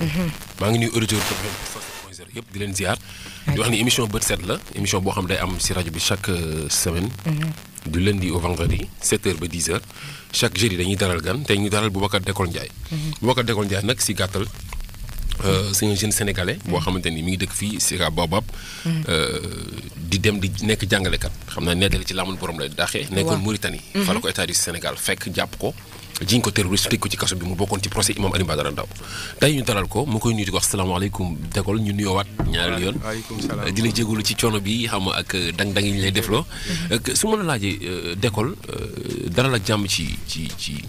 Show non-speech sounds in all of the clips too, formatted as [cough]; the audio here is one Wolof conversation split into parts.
Mm-hmm. maa ngi nuyu auditeur yi yëpp di leen ziar. di wax ni émission bët set la émission boo xam day am si rajo bi chaque euh, semaine. Mm-hmm. du lundi au vendredi 7h ba 10h chaque jeudi dañuy dalal gan tey ñu dalal Boubacar Décolle Ndiaye. Mm-hmm. bakkar Décolle Ndiaye nag si gàttal. Euh, c'est un jeune sénégalais boo xamante ni mi ngi dëkk fii Sicap Baobab. Euh, di dem di nekk jàngalekat xam naa nettali ci lamul borom lay daxee. nekkoon Mauritanie. fa la ko état du Sénégal fekk jàpp ko. jiñ ko terroriste tëj ko ci kaso bi mu bokkoon ci procès imam Alioune Badara Ndao tey ko mu koy nuyu di ko wax salaamaaleykum Décolle ñu nuyoowaat ñaareelu yoon di la jégalu ci coono bi xam nga ak dang-dang yi ñu lay defloo mm-hmm. euh, su ma la laajee euh, Décolle euh, dalal la jàmm ci ci ci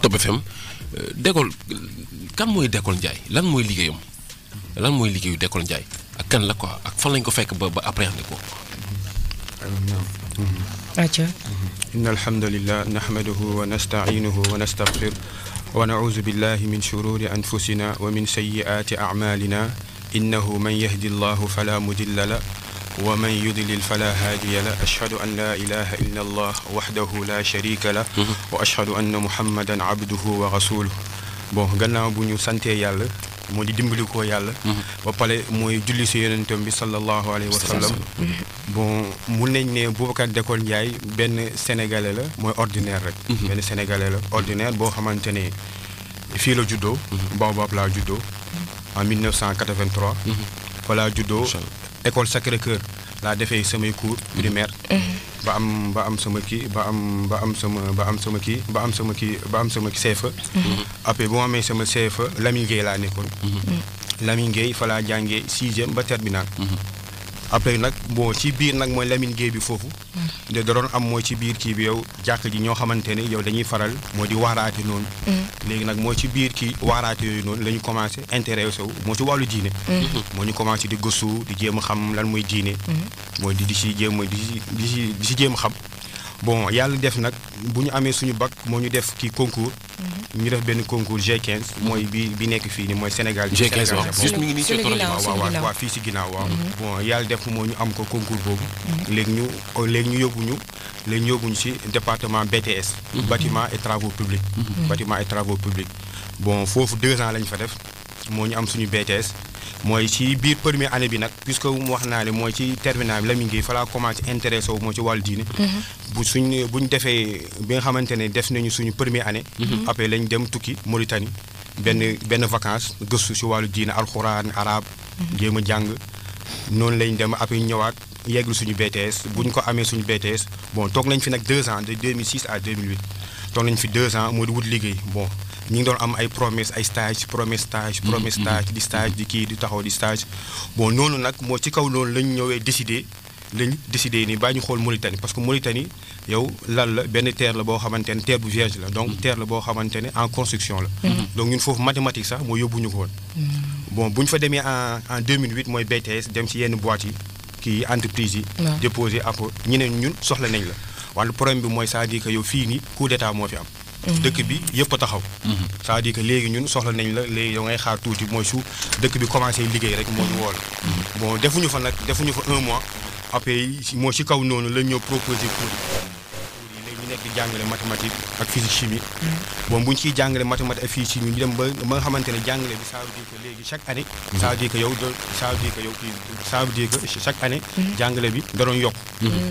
Top FM Décolle kan mooy Décolle Ndiaye lan mooy liggéeyam lan mooy liggéeyu Décolle Ndiaye ak kan la quoi ak fan lañ ko fekk ba ba appréhender ko إن الحمد لله نحمده ونستعينه ونستغفره ونعوذ بالله من شرور أنفسنا ومن سيئات أعمالنا إنه من يهدي الله فلا مضل له ومن يضلل فلا هادي له أشهد أن لا إله إلا الله وحده لا شريك له وأشهد أن محمدا عبده ورسوله bon gannaaw bu ñu santee yàlla moo di dimbali ko yàlla. Mhm. ba mooy julli si yonentam bi sallallahu alayhi wa bon mun nañ ne Boubacar Décolle Ndiaye benn sénégalais la mooy ordinaire rek. Mhm. benn sénégalais la ordinaire boo xamante ne fii la juddoo. Mhm. Baobab laa juddoo en 1983. fa laa juddoo école Sacré-Cœur. laa defee samay cours primaire mhm. ba am ba am sama kii ba am ba am sama ba am sama kii ba am sama kii ba am sama CFA mhm. après bu ma amee sama CFA Lamine laa nekkoon mhm. Lamine fa laa jàngee sixième ba terminal après nag bon ci biir nag mooy Lamine Gueye bi foofu. Mm. da doon am mooy ci biir kii bi yow jàkk ji ñoo xamante ne yow dañuy faral moo di waaraate noonu. Mm. léegi nag moo ci biir kii waaraate yooyu noonu la ñu commencé intéressé wu moo ci wàllu diine. Mm. moo ñu commencé di gëstu di jéem a xam lan mooy diine. moo di di si jéem a di si di si jéem xam. bon yàlla def nag bu ñu amee suñu bac moo ñu def ki concours. Mhm. ñu def benn concours G15. Mhm. mooy bi bi nekk fii ni mooy Sénégal. G15 waaw juste mi ngi nii ci waaw waaw fii si ginnaaw waaw. Mhm. bon yàlla def moo ñu am ko concours boobu. léegi ñu oh, léegi ñu yóbbu ñu léegi ñu yóbbu ñu si département BTS. bâtiment et travaux publics. bâtiment et travaux publics bon foofu deux ans lañ fa def moo ñu am suñu BTS mooy ci biir première année bi nag puisque mu wax naa mooy ci terminal bi la mu ngi fa laa commencé intéressé wu moo ci wàllu diine mhm. bu suñ buñ ñu defee bi nga xamante ne def nañu suñu première année mhm. après lañ dem tukki Mauritanie benn benn vacances gëstu ci wàllu diine alxuraan arab mhm. jéem a jàng noonu lañ dem après ñëwaat yegglu suñu BTS buñ ko amee suñu BTS bon toog nañ fi nag deux ans de 2006 à 2008 toog nañ fi deux ans moo di wut liggéey bon ñu ngi doon am ay promesse ay stage promesse stage mm-hmm. promesse mm-hmm. stage di stage di kii di taxaw di stage bon noonu nag moo ci kaw loolu lañ ñëwee décidé lañ décidé ni bàyyi ñu xool Mauritanie parce que Mauritanie yow lal la benn terre la boo xamante ne terre bu vierge la donc mm-hmm. terre la boo xamante ne en construction la donc ñun foofu mathématique sax moo yóbbu ñu ko woon bon bu ñu fa demee en en 2008 mooy BTS dem ci yenn boîte yi kii entreprise yi déposé après ñu ne ñun soxla nañ la wante problème bi mooy c'est-à-dire que yow fii nii coup d'état moo fi am Mm-hmm. dëkk bi yëpp taxaw mm-hmm. c'est-à-dire que léegi ñun soxla nañ la léegi yow ngay xaar tuuti mooy su dëkk bi commencé liggéey rek moo ñu wool mm-hmm. bon defuñu fa nag defuñu fa un mois après moo si kaw noonu la ñoo proposé pour nekk di jàngale mathématique ak physique chimique. bon bu ñu ciy jàngale mathématique ak physique chimique ñu ba nga xamante jàngale bi ça veut léegi chaque année. ça veut dire que yow do kii ça veut chaque année. jàngale bi da yokk.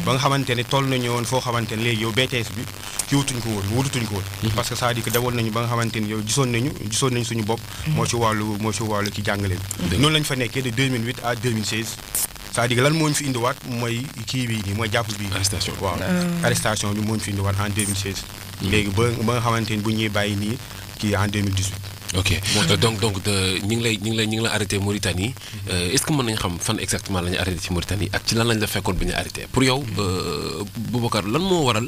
ba nga xamante ne toll foo xamante léegi yow BTS bi kii wutuñ ko woon wutuñ ko woon. parce que ça veut demoon nañu ba nga xamante ne yow nañu gisoon nañu suñu bopp. moo ci wàllu moo ci wàllu ki cest à lan moo ñu fi indiwaat mooy kii bii nii mooy jàpp bii. arrestation bi ah. moo ñu fi indiwaat en 2016. Hmm. léegi ba ba nga bu ñuy bàyyi nii kii en 2018. ok euh, donc donc ñi ngi lay ñi ngi lay ñi ngi la arrêté Mauritanie euh, est mën nañu xam fan exactement la ñu arrêté ci Mauritanie ak ci lan lañ la fekkoon bi ñu arrêté pour yow hmm. euh, Boubacar lan moo waral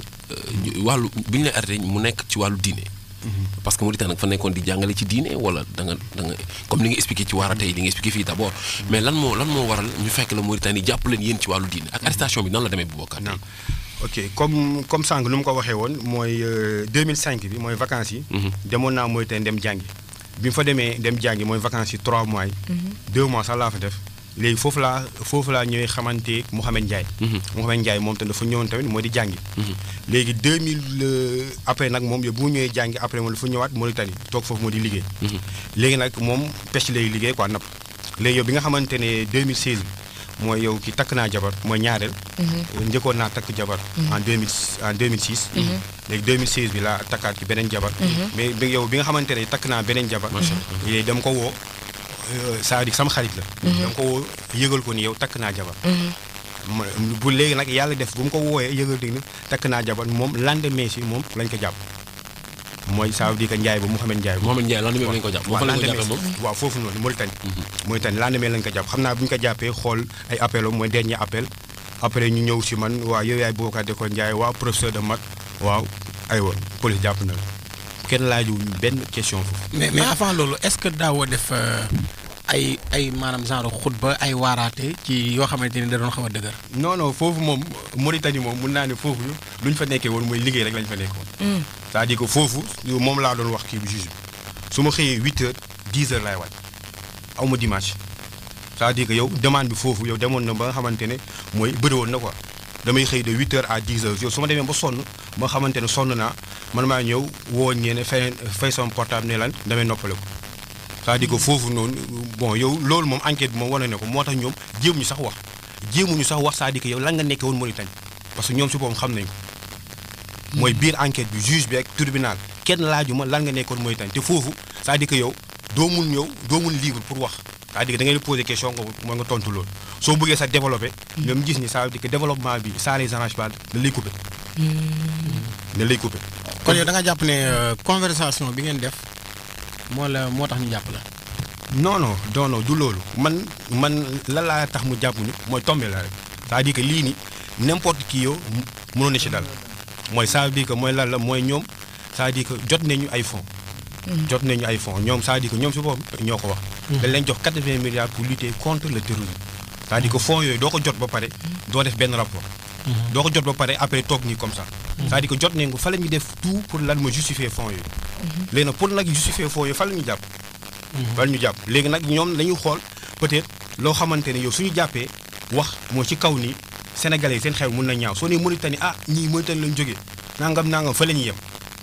wàllu bu ñu lay arrêté mu nekk ci wàllu diine. parce que Mauritanie fa nekkoon di jàngale ci diine wala da nga da nga comme li nga expliqué ci waara tey li nga expliqué fii d' abord. mais lan moo lan moo waral ñu fekk la Mauritanie jàpp leen yéen ci wàllu diine. ak mhm. arrestation bi nan la demee bu bokkaat. ok comme comme sànq mu ko waxee woon mooy 2005 euh, bi mooy vacances yi. Mhm. demoon naa Mauritanie dem jàngi. bi mu fa demee dem jàngi mooy vacances yi 3 mois yi. Mhm. mois sax fa def. léegi foofu laa foofu laa ñëwee xamante Mouhamed Ndiaye. Mhm. Mouhamed Ndiaye moom tamit dafa ñëwoon tamit moo di jàngi. Mhm. léegi 2000 euh, après nag moom yow bu mu ñëwee jàngi après moom dafa ñëwaat Mauritanie toog foofu moo di liggéey. Mhm. léegi nag moom pêche lay liggéey quoi napp léegi yow bi nga xamante ne 2016 mooy yow ki takk naa jabar mooy ñaareel. njëkkoon naa takk jabar. en 2000 en 2006. léegi 2016 bi laa takkaat ci beneen jabar. mais yow bi nga xamante ne takk naa beneen jabar. dama ko woo. Euh, ça veut dire sama xarit la. Mhm. dama ko yëgal ko ni yow takk naa jabar. Mhm. bu léegi nag yàlla def bu mu ko wooyee yëgal dégg na takk naa jabar moom lendemain si moom lañ ko jàpp. mooy ça veut dire que Ndiaye ba Mouhamed Ndiaye ba Mouhamed Ndiaye lendemain lañ ko jàpp waaw lendemain waaw foofu noonu Mauritanie mhm. Mauritanie lendemain lañ ko jàpp xam naa bu ñu ko jàppee xool ay appel o mooy dernier appel après ñu ñëw si man waaw yow yaay jàpp na la kenn laaju benn question foofu mais mais avant loolu est-ce que def euh, ay ay maanaam genre ba ay waaraate ci yoo xamante ni da doon xaw a dëgër. non non foofu moom Mauritanie moom mun naa ne foofu luñ fa nekkee woon mooy liggéey rek lañ fa nekk woon. Mm. cest foofu moom laa doon wax kii bu juge bi su ma xëyee huit heures dix heures laay wàcc aw ma dimanche c'est-à-dire demande bi foofu yow demoon na ba nga xamante ne mooy bëri woon na quoi damay xëy de huit heures à dix heures yow su ma demee ba sonn ba nga xamante ne sonn naa man maa ñëw woo ñee ne fay fay sama portable ne lan damay c'est-à-dire foofu noonu bon yow loolu moom enquête bi moom wala ne ko moo tax ñoom jéemuñu sax wax ñu sax wax saa à yow lan nga nekkee woon Mauritanie parce que ñoom si boppam mooy biir enquête bi juge bi ak tribunal kenn laajuma lan nga nekkoon Mauritanie te foofu cest à yow doo mun yow doo mun libre pour wax c'est-à-dire da ngay poser question nga mooy nga tontu loolu soo bëggee sax développé. ñoom gis ni ça veut dire que développement bi ça les arrange pas da lay coupé. Hmm. da lay coupé. kon yow da jàpp ne euh, conversation bi ngeen def. moo la moo tax ñu jàpp la. non non non non du loolu man man la laa tax mu jàpp ni mooy tombé la rek c'est-à-dire que lii nii n'importe qui yow mënoon na ci dal mooy c'est-à-dire que mooy lan la mooy ñoom c'est-à-dire que jot nañu ay fonds. Mm. jot nañu ay fonds ñoom c'est-à-dire que ñoom si boobu ñoo ko wax. Mm. dañ leen jox 80 milliards pour lutter contre le terrorisme. c'est-à-dire que mm. fonds yooyu doo ko jot ba pare. doo def benn rapport. Mm-hmm. doo ko jot ba pare après toog nii comme ça. c'est-à-dire que jot nañ ko fa la ñuy def tout pour lan ma justifier fonds yooyu. Mm-hmm. léegi nag pour nag justifier foo yow fan la ñu jàpp. Mm-hmm. fan ñu jàpp léegi nag ñoom dañuy xool peut-être loo xamante ne yow suñu jàppee wax moo ci kaw ni sénégalais yi seen xew mun na ñaaw soo nee Mauritanie ah ñii Mauritanie lañ jógee nangam nangam fa la ñuy yem.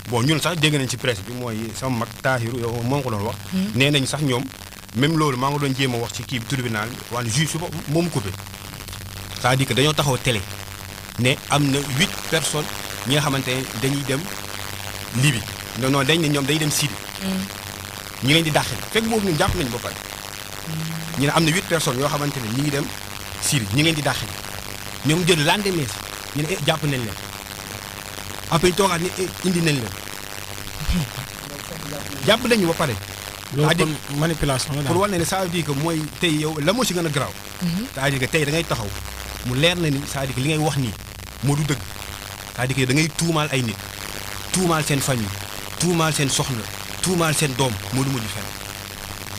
bon ñun sax dégg nañ ci presse bi mooy sama mag Tahirou yow moo ko doon wax. Mm-hmm. nañ sax ñoom même loolu maa ngi doon wax ci kii tribunal bi wala juge su moom coupé cest à dañoo taxaw télé ne am na huit personnes ñi nga xamante ne dañuy dem Libye non non dañ ne ñom day dem sidi mm. ñi leen di dàqe fek mo ñu jàpp nañ ba fa ñi na amna 8 personnes yo xamante ñi dem sidi ñi leen di dàqe ñoom jël lendemain ñu ne eh, japp nañ leen après toogaat ni eh, indi nañ leen japp nañ ba paré loolu manipulation la pour wone ne ça veut dire que moy tay yow la mo ci gëna a ta mm-hmm. c'est-à-dire que tey da ngay taxaw mu leer na ni ça à dire li ngay wax ni mo du deug ta dire que da ngay tuumaal ay nit tuumaal seen famille tuumaal sen soxna tuumaal seen doom moo du ma di fen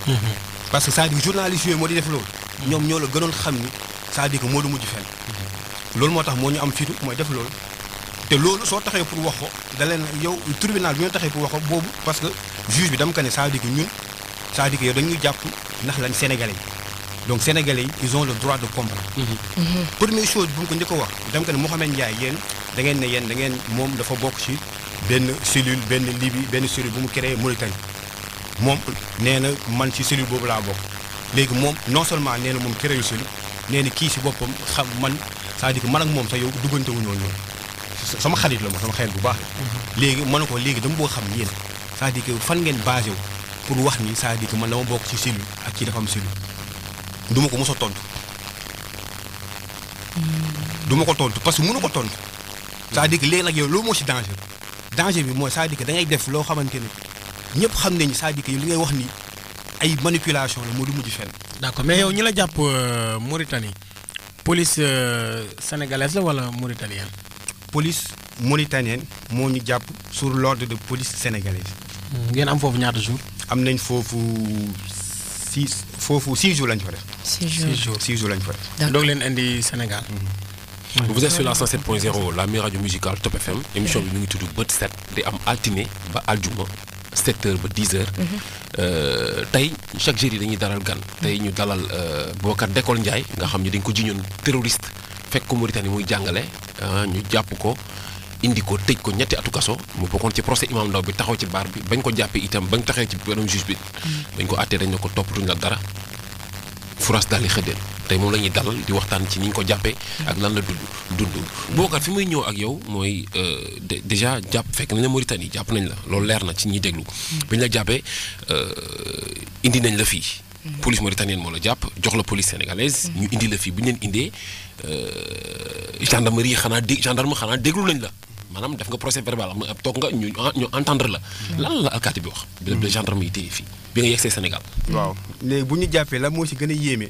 mhm. parce que ça dit journaliste yooyu moo di def lool ñom ñoo la gënoon xam ni cest à que mo du mujj fenn mhm. lool motax mo ñu am fitu moy def lool te lool so taxé pour wax ko da leen yow tribunal bi ñoo taxee pour wax ko boobu parce que juge bi dam ko ne cest à que ñun ça dit que yow dañu japp nak lañ sénégalais donc sénégalais ils ont le droit de comprendre mhm. première chose bu ko ñëk wax dam ko ne Mouhamed Ndiaye yéen da ngeen ne yeen da ngeen moom dafa bok ci benn cellule benn Libye benn cellule bu mu créé Mauritanie moom nee na man ci cellule boobu laa bokk léegi moom non seulement nee na moom créé cellule nee na kii si boppam xam man cest à man ak moom sax yow duggante wu ñooñu sama xarit la moom sama xarit bu baax la. Mhm. léegi mën na ko léegi dama boo xam yéen c'est-à-dire que fan ngeen basé pour wax ni saa à dire que man dama bokk ci cellule ak kii dafa am cellule du ko mos a tontu. Hmm. du ko tontu parce que mënu ko tontu. Hmm. c'est-à-dire que léegi nag si danger. danger bi mooy c'est-à-dire que da ngay def loo xamante ne ñëpp xam nañu c'est-à-dire que li ngay wax ni ay manipulation la moo du mujj fenn. d'accord mais yow ñi la jàpp euh, Mauritanie police euh, sénégalaise la wala mauritanienne. police mauritanienne moo ñu jàpp sur l'ordre de police sénégalaise. Hmm, ngeen am foofu ñaata jours. am nañ foofu six foofu six jours lañ fa def. six jours six jours lañ fa def. donc leen indi Sénégal. Hmm vous êtes sur la 107.0 la meilleure radio musicale Top FM émission bi set am aljuma 7 h 10 heures. Mhm. Euh, chaque jour yi dañuy dalal gan. ñu dalal euh, nga xam dañ ko terroriste fekk ko Mauritanie ah, ko ñetti mu ci procès imam ndaw bi taxaw ci bañ ko itam bañ ci juge bi. bañ ko mhm. dañ la dara tay moom la ñuy dalal di waxtaan ci ni ñu ko jàppee ak lan la dund dund bookat fi muy ñëw ak yow mooy euh, déjà jàpp fekk nañ la Mauritanie jàpp nañ la loolu leer na ci ñi déglu bi ñu la jàppee euh, indi nañ la fii police mauritanienne moo la jàpp jox la police sénégalaise ñu indi la fii bu ñu leen indee euh, gendarmerie xanaa dé gendarme xanaa déglu nañ la maanaam def nga procès verbal am toog nga ñu ah, ñu entendre la lan la alkaati bi wax bi hmm. gendarme yi téye fii bi nga yegsee Sénégal waaw léegi bu ñu jàppee la moo ci gën a yéeme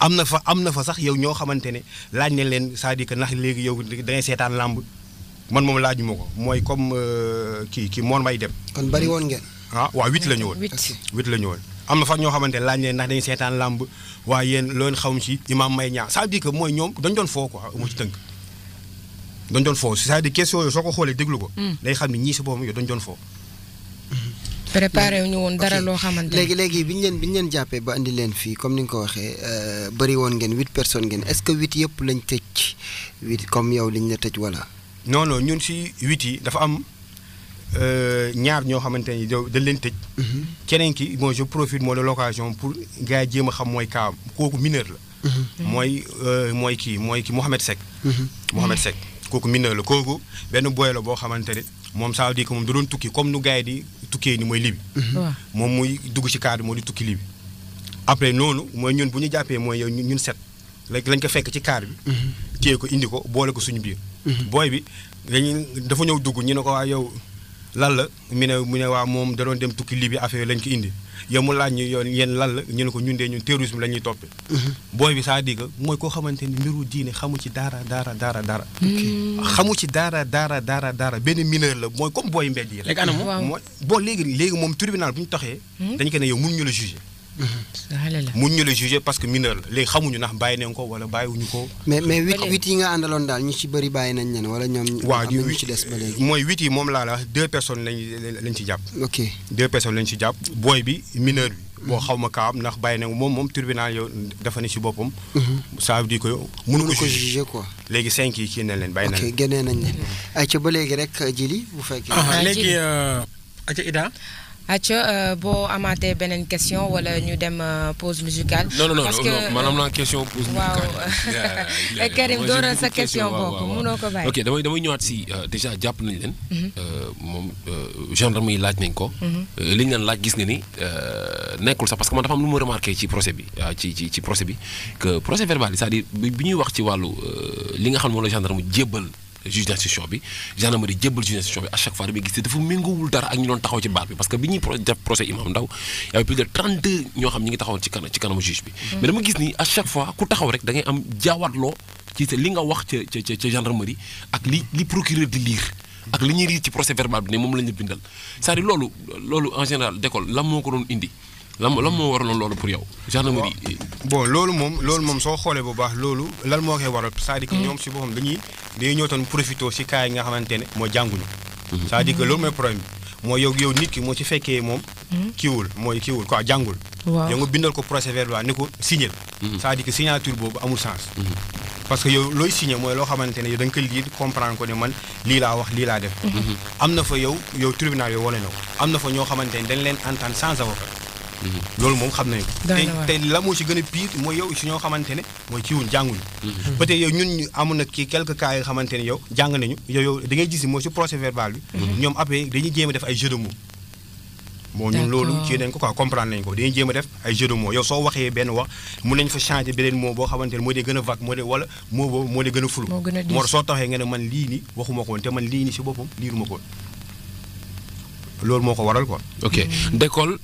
am na fa am na fa sax yow ñoo xamante ne laaj ne leen saa à dire léegi yow da ngay seetaan làmb man moom laaj ma ko mooy comme euh, kii kii moon may dem. kon bari woon ngeen. ah waaw huit la ñu woon huit la ñu woon am na fa ñoo xamante ne laaj nañ ndax dañuy seetaan làmb waaye yéen loolu xam si imaam may ñaa c'est-à-dire que mooy ñoom dañ doon foo quoi mu ci tënk. dañ doon foo c'est-à-dire question yooyu soo ko xoolee déglu ko. Hmm. day xam ni ñii si boppam yow doon foo. préparé ñu woon dara loo xamante léegi léegi bi ñu leen bi ñu leen jàppee ba andi leen fii comme ni nga ko waxee euh, bëri woon ngeen huit personnes ngeen est-ce que huit yëpp lañ tëj huit comme yow liñ la tëj wala. non ñun si huit yi dafa am euh, ñaar ñoo xamante ni dañ leen tëj. Mhm. keneen ki bon je profite moo de l'occasion pour gars jéem a xam mooy kaam kooku mineur la. Mhm. Mhm. mooy euh, mooy kii mooy kii Mouhamed Seck. Mouhamed Seck kooku mineur la kooku benn booy la boo xamante ni. moom ça veut ko moom da doon tukki comme nu gars yi di tukkee ni mooy libi mhm. moom mooy dugg ci kaar bi moo di tukki libi après noonu mooy ñun bu ñu jàppee mooy yow ñun set lañ ko fekk ci kaar bi mhm. téye ko indi ko boole ko suñu biir mhm. booy bi dañu dafa ñëw dugg ñu ne ko waa yow lan la mu ne mu ne waa moom da doon dem tukki libi affaire lañ ko indi yow mu laaj ñu yoon yéen la ñu ne ko ñun dee ñun terrorisme la ñuy toppe booy bi sa à dire mooy koo xamante ni mbiru diine xamu ci daara daara daara daara xamu ci daara daara daara daara benn mineur la mooy comme booy mbedd yi rek. léegi ana moom mooy bon léegi léegi moom tribunal bu ñu taxee hmm? dañ ko ne yow mënuñu la juger mun ñu la jugé parce que mineur la léegi xamuñu ndax bàyyi nañ ko wala bàyyiwuñu ko. mais mais huit huit yi nga àndaloon daal ñu ci bëri bàyyi nañ leen wala ñoom. waaw ñu ci des ba léegi mooy huit moom la deux personnes lañ lañ ci jàpp. ok deux personnes lañ ci jàpp booy bi mineur bi. boo xaw ma kaam ndax bàyyi na moom moom tribunal yow dafa ne si boppam. Mhm. ça veut dire que mënu ko jugé quoi. léegi cinq yi kii nañ leen bàyyi nañ leen. ok génnee nañ leen. ba léegi rek jili bu fekkee. Ah, ah, léegi euh, ayca Ida. acca euh, boo amaatee benen question wala ñu dem euh, pause musicale. non non non parce que maanaam la question pause euh, musicale. [laughs] Eh, Karim dooral sa question boobu mënoo ko bàyyi. ok damay damay ñëwaat si déjà jàpp nañ leen. Mom mhm. gendarme yi laaj nañ ko. Mhm. li ñu laaj gis nga ni nekkul sax parce que man dafa am lu ma remarqué ci procès bi ci ci ci procès bi que procès verbal c'est-à-dire bi ñuy wax ci walu li nga xam moom la gendarme jébbal juge d'instruction bi gendarmerie jébbal juge d'instruction bi à chaque fois bi gis te dafa méngoowul dara ak ñu don taxaw ci bar bi parce que biñu ñuy def procès Imam Ndaw y avait plus de 32 ño xam ñi ngi taxaw ci kanam ci kanam juge bi mm-hmm. mais dama gis ni à chaque fois ku taxaw rek da ngay am jaawatloo ci li nga wax ci ci ci gendarmerie ak li li procureur di lire ak li ñi lire ci procès verbal bi ne moom la bindal cest dire lolu lolu en général d'école la moko ko indi lan lan moo pour yow. gendarmerie bon loolu que nous mm. si boppam dañuy dañuy ñëw nga mm-hmm. que loolu mooy problème bi yow yow nit ki moo ci fekkee moom. Mm. quoi procès verbal ni ko signé. Mm-hmm. à dire que signature boobu amul sens. Mm-hmm. parce que yow looy signé mooy loo xamante de yow comprendre ko man wax def. fa yow yow tribunal yow wane na ko fa sans avoir loolu moom xam nañu ko te la moo si gën a pire mooy yow si ñoo xamante ne mooy ci wuñ jànguñu mhm. peut-être yow ñun ñu amoon na kii quelques cas xamante ne yow jàng nañu yow yow da ngay gis ni mooy si procès verbal bi mhm. ñoom après dañuy jéem a def ay jeu de mots bon ñun loolu ci nañ ko quoi comprendre nañ ko dañuy jéem a def ay jeu de mots yow soo waxee benn wax mun nañ fa changer beneen mot boo xamante ne moo dee gën a vague moo dee wala mot moo dee gën a flou moo soo taxee nga ne man lii ni waxuma ko woon te man lii ni si boppam liiruma ko woon loolu moo ko waral quoi mhm.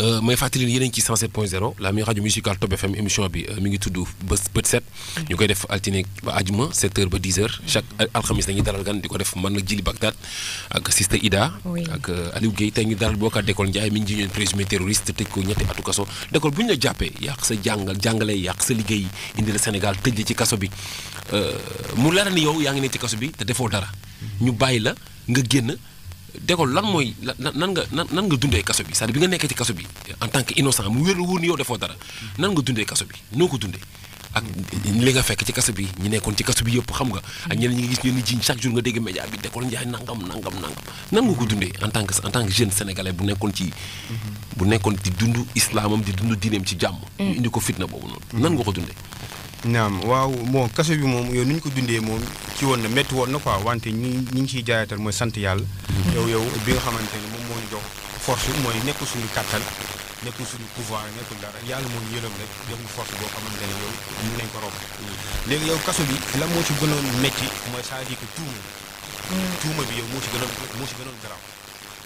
Euh, may fàttali yeneen ci 107.0 la meilleure radio musicale Top FM émission bi euh, mi ngi tudd ba bët set mm. ñu koy def altine ba àjjuma 7 heures ba 10 heures mm. chaque alxamis dañuy dalal gan di ko def man nag Jili Bagdad ak Sista Ida. ak euh, Aliou Guèye tey ñu dalal Bocar Décolle Ndiaye mi ngi ji ñoon présumé terroriste tëj ko ñetti atu kaso Décolle bu ñu la jàppee yàq sa jàngal jàngale yàq sa liggéey indi la Sénégal tëj la ci kaso bi mu leer yow yaa ngi ne ci kaso bi te defoo dara mm. ñu bàyyi la nga génn. Dégol lan mooy nan nga nan nga dundee kaso bi cest à bi nga nekkee ci kaso bi en tant que innocent mu wér wóor ni yow defoo dara nan nga dundee kaso bi noo ko dundee ak li nga fekk ci kaso bi ñu nekkoon ci kaso bi yëpp xam nga ak ñeneen ñi nga gis ñeen ni jiñ chaque jour nga dégg média bi Dégol Ndiaye nangam nangam nangam nan nga ko dundee en tant que en tant que jeune sénégalais bu nekkoon ci bu nekkoon di dund di dund diineem ci jàmm mm-hmm. ñu indi ko fitna boobu noonu nan nga ko dundee naam waaw bon kaso bi moom yow ni ñu ko dundee moom ci woon na métti woon na quoi wante ñi ñi ngi ciy jaayatal mooy sant yàlla. Mhm. yow yow bi nga xamante ne moom moo ñu jox force mooy nekkul suñu kàttan nekkul suñu pouvoir nekkul dara yàlla moo yërëm rek jox ñu boo xamante ne yow mën nañ ko romb. léegi yow kaso bi la moo ci gënoon métti mooy c'est-à-dire que mhm. tuuma. bi yow moo ci gënoon moo ci gënoon garaaw.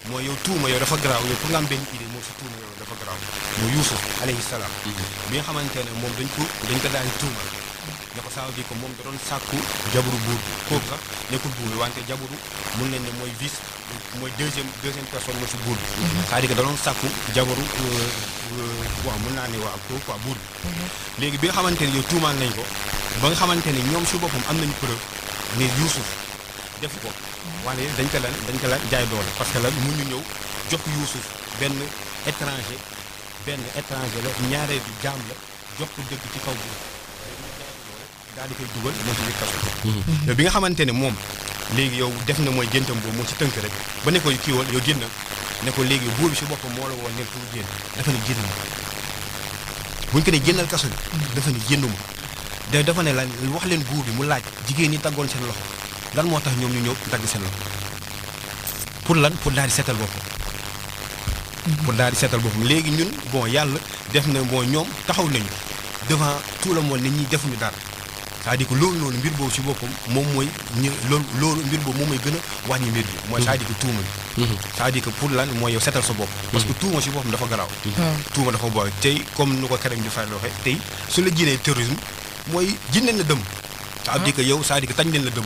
mooy yow tuuma yow dafa garaaw yow pour nga am benn idée moo si tuuma yow dafa garaaw mooy Yuusuf alayhi mm-hmm. bi nga xamante ne moom dañ ko dañ ko daan tuuma ne ko bi ko moom da doon sàkku jabaru buur bi kooku sax nekkul buur bi mun nañ ne mooy vice mooy deuxième deuxième personne moo si buur bi mm-hmm. c'est-à-dire que da doon sàkku jabaru euh, euh, waaw mën naa ne waaw kooku quoi buur bi mm-hmm. léegi bi nga xamante ne yow tuumaal nañ ko ba nga xamante ne ñoom si boppam am nañ preuve ne Yuusuf def ko wante dañ ko la dañ ko la jaay doole parce que lan mu ñu ñëw jox Yuusuf benn étranger benn étranger la ñaaree bi jaam la jox ko dëgg ci kaw bi daal di koy dugal moo ci biir mhm. bi nga xamante ne moom léegi yow def na mooy jëntam boobu moo ci tënk rek ba ne ko kiiwal yow génn ne ko léegi buur bi si boppam moo la woon ne pour génn dafa ne génn ma buñ ko ne jënal kaso bi dafa ne génn ma da dafa ne lan wax leen buur bi mu laaj jigéen ñi taggoon seen loxo lan moo tax ñoom ñu ñëw dagg seen loxo pour lan pour daal di seetal boppam. pour daal di seetal boppam léegi ñun bon yàlla def na moo ñoom taxaw nañu devant tout le monde nit ñi defuñu dara c'est-à-dire que loolu noonu mbir boobu ci boppam moom mooy ñu loolu loolu mbir boobu moom mooy gën a wàññi mbir bi. mooy c'est-à-dire que tuuma bi. Mm-hmm. Mm-hmm. cest à pour lan mooy yow seetal sa bopp. parce que tuuma ci boppam dafa garaaw. Mm-hmm. tuuma dafa booy tey comme nu ko Karim ñu faral waxee tey su la jiinee terrorisme mooy jiin leen la dëmm. cest à yow cest tañ leen la dëmm.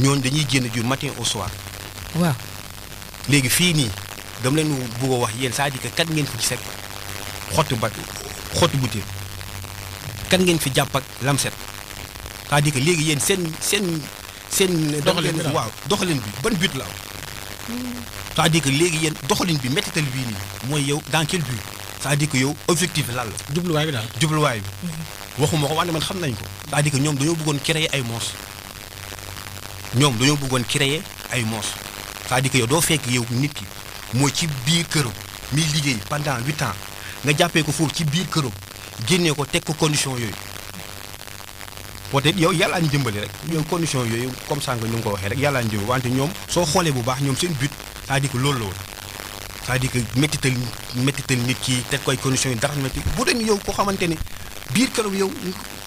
ñooñu dañuy génn du matin au soir. waaw léegi fii nii dama leen bëgg a wax yéen c'est-à-dire que kat ngeen fi gis ak xottu ba xottu butéel kan ngeen fi jàpp ak lamset c'est-à-dire que léegi yéen seen seen seen. doxalin bi waaw doxalin bi ban but la am. c'est-à-dire que léegi yéen doxalin bi méttital bii nii mooy yow dans quel but c'est-à-dire que yow objectif lan la. jubluwaay bi daal jubluwaay bi. Mhm. waxuma ko wante man xam nañ ko. c'est-à-dire que ñoom dañoo bëggoon créer ay monstres ñoom dañoo bëggoon créer ay monstres c'est-à-dire que yow doo fekk yow nit ki mooy ci biir këram miy liggéey pendant huit ans nga jàppee ko foofu ci biir këram génnee ko teg ko condition yooyu peut-être yow yàllaa ñu jëmbali rek yow condition yooyu comme ça nga ñu ngi ko waxee rek yàllaa ñu jëmbali wante ñoom soo xoolee bu baax ñoom seen but c'est-à-dire que loolu la woon c'est-à-dire que méttital méttital nit ki teg koy conditions yi dara métti bu dem yow ko xamante ne biir këram yow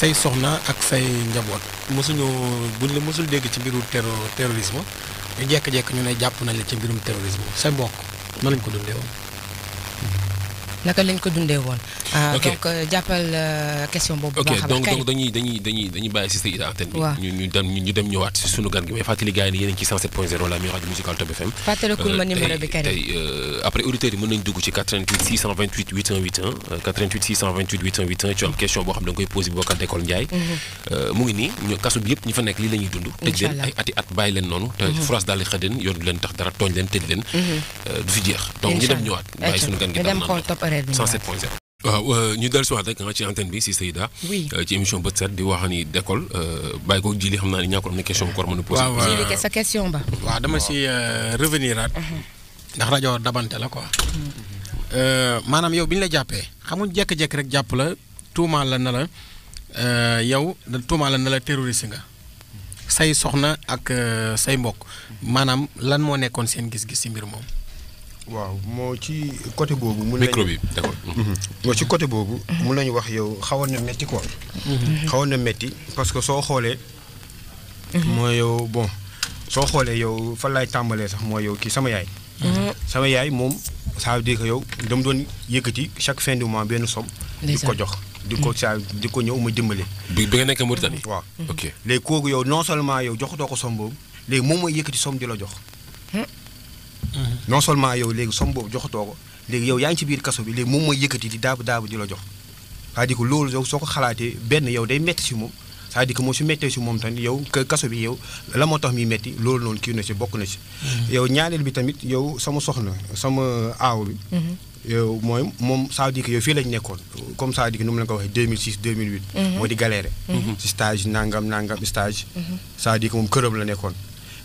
say soxna ak say njaboot mosuñu buñ la mosul dégg ci mbiru terro terrorisme ñu jekk-jekk ñu ne jàpp nañ la ci mbirum terrorisme sa bokk ma lañ ko dundee woon. naka lañ ko dundee woon Ah, ok donc euh, jàppal euh, question boobu. baax a donc donc dañuy dañuy dañuy dañuy baye ci sa idée antenne bi. ñu ñu dem ñu dem ñëwaat si sunu gan gi mais fàttali gars ni yeen ci 107.0 la muy rajo musical Top FM. fàttalikul euh, ma numéro bi Karim tey après auditeur yi mën nañu dugg ci 88 628 8181 88 628 8181 ci am question bo xam da nga poser posé Boubacar Décolle Ndiaye. Mhm. mu ngi ni ñu kaso bi yëpp ñu fa nekk li lañuy dund. tëj leen ay ati at bàyyi leen nonu te mhm. France dal li xëdden yoon du leen tax dara tooñ leen tëj leen. Mhm. du fi jeex donc ñu dem ñëwaat baye sunu gan gi 107.0 waaw euh, ñu dellu si waat rek ci antenne bi si Seyda. oui euh, ci émission bët set di wax ni d'école euh, bàyyi ko jili xam naa ne ñàkkul am na question encore mën sa question ba. waaw dama si revenir aat. Uh-huh. ndax rajo dabante la quoi. Uh-huh. maanaam yow bi ñu la jàppee xamuñ jékki-jékki rek jàpp la tuumaal la na la yow tuumaal la na la terroriste nga. say soxna ak say mbokk maanaam lan moo nekkoon seen gis-gis si mbir moom. waaw moo ci côté boobu. mun nañu micro bi d'accord. Mhm. moo ci côté boobu. mun nañu wax yow xawoon na metti quoi. Mhm. xawoon na métti parce que soo xoolee. Mhm. mooy yow bon soo xoolee yow fan lay tàmbalee sax mooy yow kii sama yaay. sama yaay moom ça veut dire que yow dama doon yëkkati chaque fin du mois benn som di ko jox di ko saa di ko ñëw ma dimbale. bi bi nga nekk Mauritanie. waaw ok léegi kooku yow non seulement yow joxutoo ko somme boobu léegi moom mooy yëkkati somme di la jox. Hmm non seulement yow léegi sombo boobu joxatoo yow yaa ngi ci biir kasso bi léegi mom moy yëkkati di daabu daabu di la jox c'est-à-dire que loolu yow soo ko xalaatee benn yow day metti si moom c'est-à-dire que moo si méttee si moom tamit yow kasso bi yow la moo tax muy métti loolu noonu kii na si bokk na ci. Mm-hmm. yow ñaareel bi tamit yow sama soxna sama aaw bi mm-hmm. yow mooy moom c'est-à-dire que yow fii lañ nekkoon comme ça à dire que nu mu la ko waxee 2006 2008 mm-hmm. moo di galéré si stage nangam nangam stage ça à dire que moom këram la nekkoon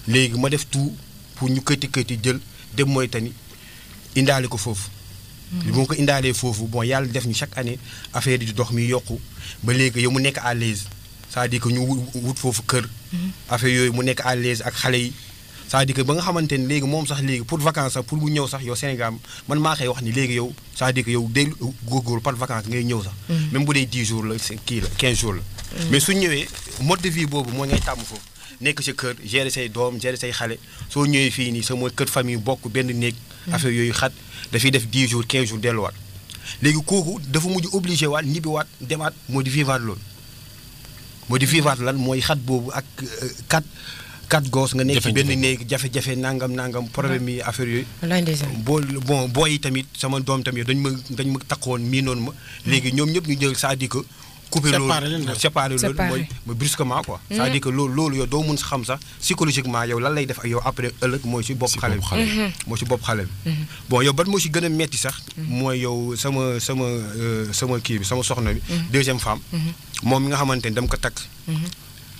léegi ma def tout pour ñu këti këti jël dem tani indaale ko foofu. Mm-hmm. bi ma ko indaalee foofu bon yàlla def ni chaque année affaire yi di dox mi yokku ba léegi yow mu nekk à l'aise c'est-à-dire que ñu wut foofu kër. Mm-hmm. affaire yooyu mu nekk à l'aise ak xale yi. c'est-à-dire que ba nga xamante ne léegi moom sax léegi pour vacances sax pour mu ñëw sax yow Sénégal man maa koy wax ni léegi yow c'est-à-dire que yow day góorgóorlu par vacances ngay ñëw sax. Mm-hmm. même bu dee 10 jours la kii la 15 jours la. mais su ñëwee mode de vie boobu moo ngay tàmm foofu. nekk si kër gérer say doom gérer say xale soo ñëwee fii nii sama kër famille bokk benn néeg hmm. affaire yooyu xat dafay def 10 jours 15 jours delluwaat léegi kooku dafa mujj obligé waat ñibbiwaat demaat moo di vivaat lool moo di lan mooy xat boobu ak kat euh, quatre gos nga nekk ci benn néeg jafe-jafe nangam nangam problème hmm. yi affaire yooyu. boo bon booy yi tamit sama doom tamit dañ ma dañ ma takkoon miinoon ma. Hmm. léegi ñoom ñëpp ñu jël cest à couper loolu séparer loolu mooy moy brusquement quoi ça mm-hmm. veut dire que loolu loolu yow doo mun xam sax psychologiquement yow lan lay def ak yow après euleuk moy ci bop xalé moy ci bop xalé bon yow ban mo ci gëna a metti sax moy mm-hmm. yow sama sama euh, sama ki bi sama soxna bi mm-hmm. deuxième femme mom mi nga xamantene dam ko tak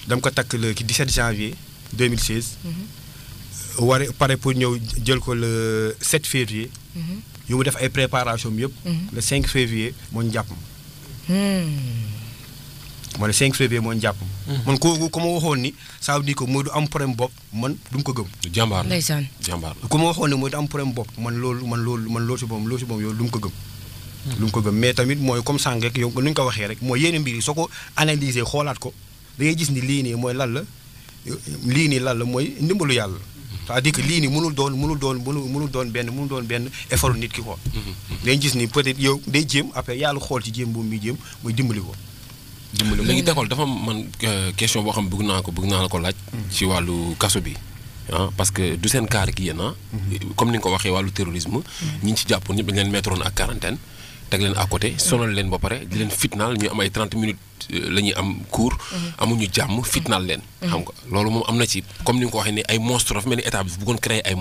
dam ko tak le 17 janvier 2016 pareil pour ñëw jël ko le 7 février yu mu def ay préparation bi yëpp le 5 février mo jàpp ma cinq 5 février mooy njàpp. Mm-hmm. man kooku ku ma waxoon ni ça veut dire que mooy du am problème bopp man du ma ko gëm. jàmbaar la ndeysaan jàmbaar ku ma waxoon ni mooy am problème bopp man loolu man loolu loolu si boom loolu si boom yow du ma ko gëm. Mm-hmm. ko gëm mais tamit mooy comme sànq rek yow nu ñu ko waxee rek mooy yenn mbir yi soo ko analyser xoolaat ko da ngay gis ni lii nii mooy lan la lii nii lan la mooy ndimbalu yàlla. Mm-hmm. c'est-à-dire lii nii mënul doon mënul doon mënul doon benn mënul doon benn effort nit ki quoi. dañ gis ni peut-être yow day jéem après yàlla xool ci jéem boobu muy jéem muy dimbali ko dimbali léegi Décolle dafa man euh, question boo xam bëgg naa ko bëgg naa la ko laaj. ci wàllu kaso bi. Ah, parce que du seen kaar ki yéen ah. mm-hmm. comme ni nga ko waxee wàllu terrorisme. Mm-hmm. ñi ñu ci jàppoon ñëpp dañ leen mettroon ak quarantaine teg leen à côté sonal leen ba pare di leen fitnaal ñu am ay 30 minutes euh, la ñuy am cours. Mhm. amuñu jàmm fitnaal leen. Mhm. xam nga loolu moom am na ci comme ni nga ko waxee ni ay monstre dafa mel ni état bi bëggoon créer ay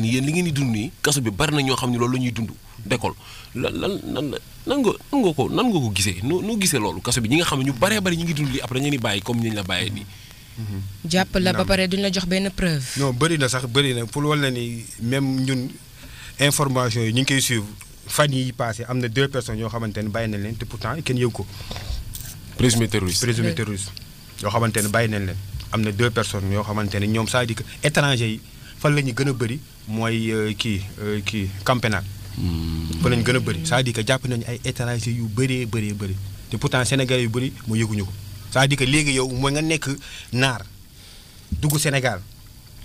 li ngeen di dund nii kaso bi bari na ñoo xam ne loolu la ñuy dund d'école lan lan lan nan nga ko ko gisee noo noo gisee loolu kaso bi ñi nga xam ne ñu baree bari ñu ngi dund lii après dañu leen di bàyyi comme ni la bàyyee nii. jàpp la ba na sax bëri na pour wala ni même ñun information yi ñu ngi koy suivre fan yii passé am na deux personnes yoo xamante ne bàyyi nañ leen te pourtant kenn yëg ko. présumé terroriste présumé terroriste. yoo xamante ne bàyyi nañ leen am na deux personnes yoo xamante ne ñoom c'est-à-dire yi fan la ñu gën a bëri mooy euh, kii euh, kii camp pénal. Hmm. fan la gën a bëri saa à jàpp nañu ay étranger yu bëree bëree bëri te pourtant sénégal yu bëri moo yëguñu ko cest à léegi yow mooy nga nekk naar dugg Sénégal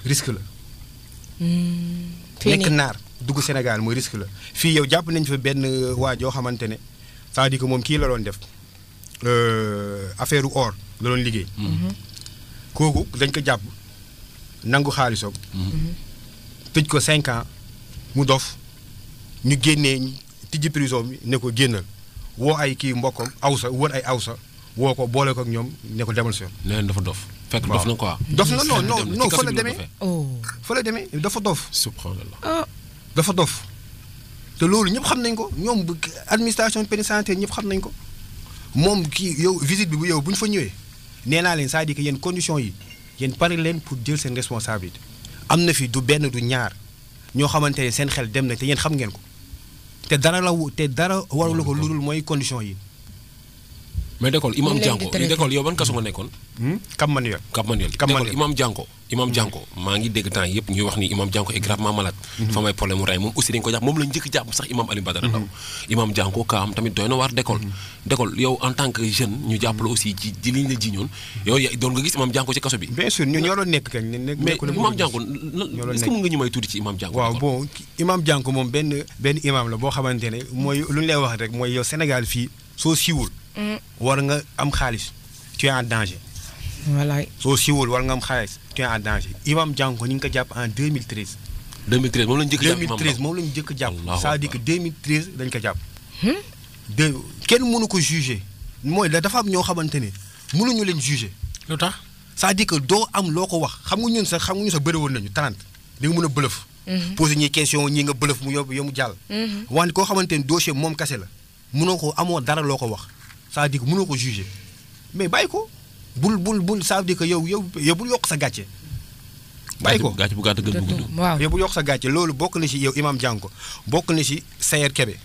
risque la. Hmm. nekk naar. dugg Sénégal mooy risque la fii yaw jàpp nañ fa benn euh, waa joo xamante ne saa di ko que moom kii la doon def euh, affaire or la doon liggéey. Mm-hmm. Mm-hmm. kooku dañ ko jàpp nangu xaalisam. Mm-hmm. tëj ko cinq ans mu dof ñu génnee tijji prison bi ne ko génnal woo ay kii mbokkam awsa wër ay awsa woo ko boole ko ak ñoom ne ko demal si yoon. leneen dafa dof. fekk dof na quoi. dof na non non non oh. fa la demee. dafa dof. subhanallah. Ah. dafa dof te loolu ñëpp xam nañ ko ñoom administration pénitentiaire ñëpp xam nañ ko moom kii yow visite bi bu yow bu ñu fa ñëwee nee naa leen saa à dire que yéen conditions yi yéen pare leen pour jël seen responsabilité am na fi du benn du ñaar ñoo xamante ne seen xel dem na te yéen xam ngeen ko te dara la te dara warula ko lu ludul mooy conditions yi mais d'école imam jànko d'école yow ban jànko. Hmm? maa ngi dégg temps yëpp ñuy wax ni imam jànko est gravement malade. dafa hmm. may problème mu rey moom aussi dañ ko moom la njëkk jàpp sax imam Alioune jànko hmm. kaam tamit doy na waar d'école. d'école yow en tant que jeune ñu jàpp la aussi ci ci la ji ñoon. yow doon nga gis imam jànko ci kaso bi. bien sûr ñoo doon nekk kañ. mais jànko est-ce que mën ñu may tuuti ci imam jànko. waaw bon imam jànko moom benn benn la boo xamante ne mooy lu ñu lay wax rek mooy yow Sénégal fii soo siiwul. Mm. war nga am xaalis tu es en danger. wallaay soo siiwul war nga am xaalis tu es en danger. Imam Dianko ñu ngi ko jàpp en 2013. 2013 moom la ñu jëkk jàpp 2013 moom la ñu jëkk jàpp. dire que 2013 dañ ko jàpp. Hmm? de kenn mënu ko juger mooy dafa am ñoo xamante ne mënuñu leen juger. lu tax cest dire que doo am loo ko wax xam nga ñun sax xam nga ñun sax bëri woon nañu 30 di nga mën a bëlëf. Hmm. poser ñi question ñi nga bëlëf mu yóbbu mu jàll. Hmm. wante koo xamante ne dossier moom kase la mënoo ko amoo dara loo wax ça veut dire que juger mais bàyyi ko bul bul ça veut que yow yow yow bul yokk sa gàcce. bàyyi ko gàcce bu gàtt gën bu gudd waaw yow bul yokk sa gàcce loolu bokk na si yow imam bokk na si Sayer Kebe.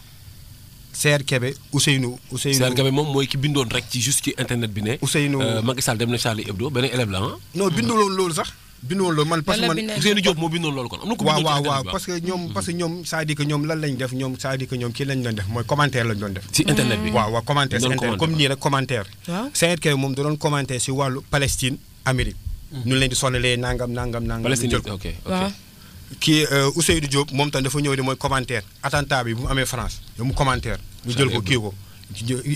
Sayer Kebe Sayer Kebe moom mooy ki bindoon rek ci juste internet bi ne. Ousseynou euh, Macky Sall dem na Charlie Hebdo benn élève hein? non bindu loolu loolu bindoon loolu man parce que man Ousseynou Diop moo bindoon loolu kon am na ko waaw waaw parce que ñoom parce que ñoom cest à que ñoom lan lañ def ñoom cest à que ñoom kii lañ doon def mooy commentaire lañ doon def ci internet bi waaw waaw commentaire ci internet comme nii rek commentaire Sayed Kebe moom da doon commentaire ci wàllu Palestine Amérique mm. ñu leen di sonalee nangam nangam nangam Palestine ok ok kii euh, Ousseynou Diop moom tam dafa ñëw di mooy commentaire attentat bi bu mu amee France yow mu commentaire ñu jël ko kii ko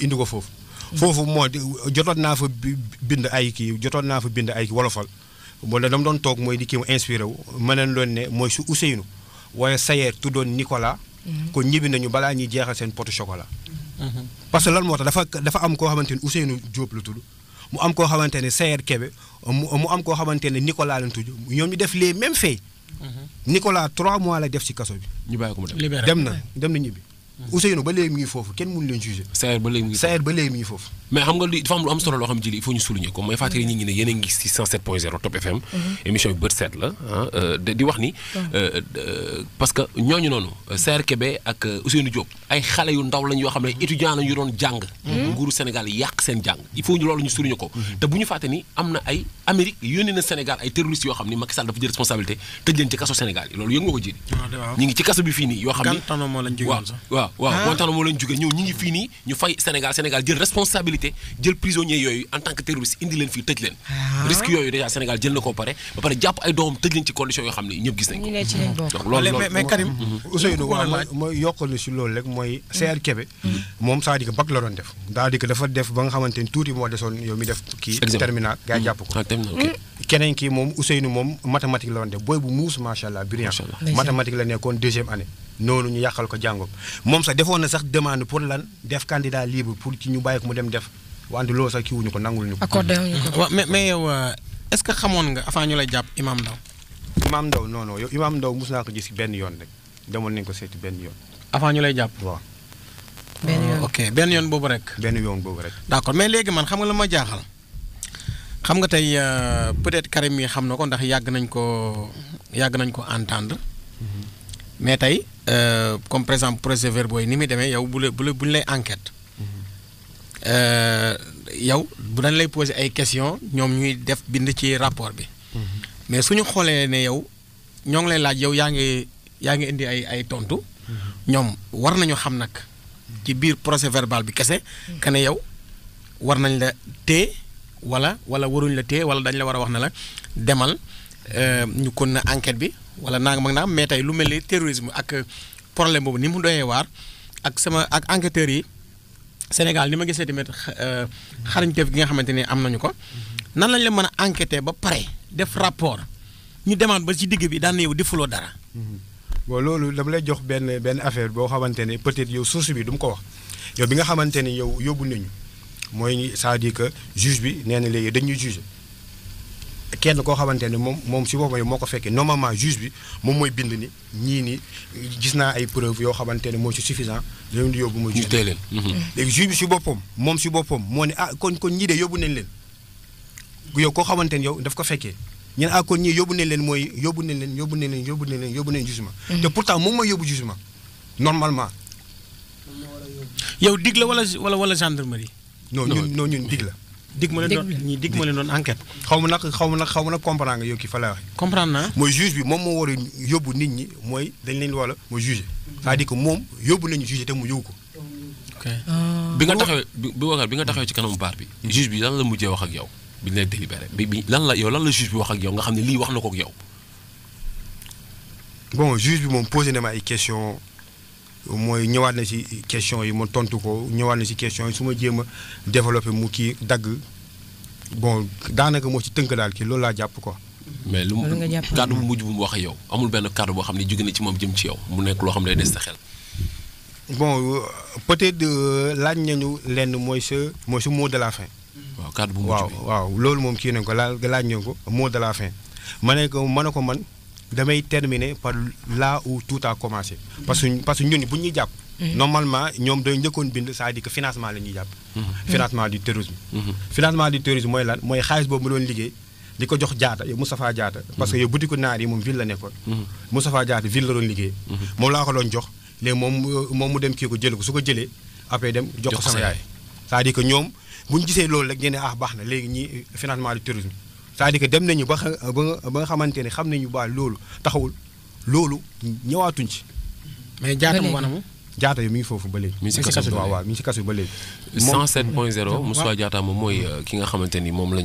indi ko foofu foofu moo jotoon naa fa bind ay kii jotoon naa fa bind ay wolofal wala dama doon toog mooy di kii mu inspiré wu ma leen doon ne mooy su Ousseynou wala Sayer tuddoon Nicolas. Mhm. kon ñibbi nañu balaa ñuy jeexal seen potu chocolat. Mhm. parce que lan moo tax dafa dafa am koo xamante ni Ousseynou Diop la mu am koo xamante ne Sayer Kebe mu am koo xamante ne Nicolas lañ tudd ñoom ñu def les mêmes faits. Mhm. Nicolas trois mois la def ci kaso bi. ñu bàyyi ko mu dem dem na dem na ñibbi. Mm-hmm. Ousseynou ba léegi mu ngi foofu kenn mënu leen jugé. Saër ba léegi mu ngi foofu. mais xam nga li dafa am solo loo xam a ngi ci 107.0 Top FM. Mm-hmm. émission bi bët seet la ah euh, di wax ni. Euh, euh, parce que ñooñu noonu Saër mm-hmm. ñu loolu ñu ko. te bu ñu fàtte ni am na ay Amérique yónnee na Sénégal ay terroristes yoo xam ni Macky dafa jël responsabilité tëj leen ci kaso Sénégal yi loolu yëngu nga ko ji. waaw waaw waaw ah. moo tax na moo leen jógee ñëw ñi ngi fii nii ñu fay Sénégal Sénégal jël responsabilité jël prisonniers yooyu en tant que terroriste indi leen fii tëj leen ah. risque yooyu déjà Sénégal jël na ko pare ba pare jàpp ay doomam tëj leen ci conditions yoo ñëpp gis nañ ko loolu loolu mais Karim Ousseynou waaw mooy yokkal ni si loolu rek mooy hmm. CR Kébé hmm. moom c'est-à-dire que bac la doon def cest à dafa def ba nga xamante ni tuuti moo desoon yow mi def kii terminal gaa jàpp moom sax defoon na sax demande pour lan def candidat libre pour ci ñu bàyyi ko mu dem def wante loolu sax kiiwuñu ko nangul ñu ko. accordé wuñu ko mais mais yow euh, est ce que xamoon nga avant ñu lay jàpp imam ndaw Imaam ndaw non non yow imam ndaw mos naa ko gis benn yoon rek demoon nañu ko seeti benn yoon. avant ñu lay jàpp waaw. benn yoon ok benn yoon boobu rek. benn yoon boobu rek. d' accord mais léegi man xam nga la ma jaaxal xam nga tey euh, peut être Karim yi xam na ko ndax yàgg nañ ko yàgg nañ ko entendre. Mhm. mais tey euh, comme par exemple procès verbaux yi ni muy demee yow bu la bu la bu ñu lay enquête euh, yow bu dañ lay poser ay questions ñoom ñuy def bind ci rapport bi. mais suñu xoolee ne yow ñoo ngi lay laaj yow yaa ngi yaa ngi indi ay ay tontu. ñoom war nañu xam nag. ci biir procès verbal bi kese. que ne yow war nañ la téye wala wala waruñ la tee wala dañ la war a wax na la demal euh, ñu kon na enquête bi. wala nangam ak nangam mais tey lu mel ni terrorisme ak problème boobu ni mu doyee waar ak sama ak enquêteurs yi Sénégal ni ma gisee tamit euh, xarañteef gi nga xamante ne am nañu ko mm-hmm. nan lañ leen mën a enquêter ba pare def rapport ñu demaat ba ci digg bi daan na yow defuloo dara. Mm-hmm. bon loolu dama lay jox benn benn affaire boo xamante ne peut-être yow source bi du mu ko wax yow bi nga xamante ne yow yóbbu nañu mooy c'est-à-dire que juge bi nee na léegi dañuy juger. kenn koo xamante ne moom moom si boppam moo ko normalement juge bi moom mooy bind ni ni gis ay preuve yoo xamante ne ci suffisant di yóbbu juge leen mhm. léegi juge bi si boppam moom si ne ah kon kon ñii de yóbbu nañ yow koo xamante ne yow daf ko fekkee ah, kon ñii yóbbu nañ leen mooy yóbbu nañ leen yóbbu nañ leen yóbbu nañ jugement mhm. pourtant moom mooy yóbbu jugement normalement yow la wala wala gendarmerie non ñun ñun dig ma leen doon ñii dig ma leen doon enquête. xaw ma nag xaw ma nag xaw ma nag comprendre nga yow kii fa lay waxee. comprendre naa. mooy juge bi moom moo war a yóbbu nit ñi mooy dañ leen wala mooy juge. cest à moom yóbbu nañu juge te mu yóbbu ko. ok euh, bi nga taxawee bi wakal bi nga taxawee ci kanamu baar bi. juge bi lan la mujjee wax ak yow. bi ñu lay délibéré bi bi lan la yow lan la juge bi wax ak yow nga xam ne lii wax na ko ak yow. bon juge bi moom posé na ma ay questions. mooy ñëwaat na si question yi ma tontu ko ñëwaat na si question yi su ma jéem a développé mu kii dagg bon daanaka moo ci tënk daal kii loolu laa jàpp ko mais lu kàddu bu mujj bu mu wax yow amul benn kàddu boo xam ne jóge na ci moom jëm ci yow mu nekk loo xam ne day des sa xel. bon euh, peut-être euh, laaj nañu lenn mooy sa mooy sa mot de la fin. waaw kàddu bu mujj bi waaw waaw loolu moom kii nañ ko laaj laaj nañ ko mot de la fin ma ne ko ma ne ko man damay terminer par là où tout a commencé. parce que parce que ñun mhm. normalement ñom bind que financement la mhm. financement du terrorisme. Mhm. financement du terrorisme moy lan moy que doon di jox jaata yow Moustapha parce que ville la ville la doon liggéey. moom ko doon jox dem jël ko après dem. jox ko sama yaay c'est-à-dire que financement du terrorisme. cest à dem nañu ba xa ba nga xamante ni xam nañu ba loolu taxawul loolu ñëwaatuñ ci. mais jaatamu wanamu jaata yi mi ngi foofu ba léegi. mi ngi si kaso moom mooy euh, ki nga xamante ni moom la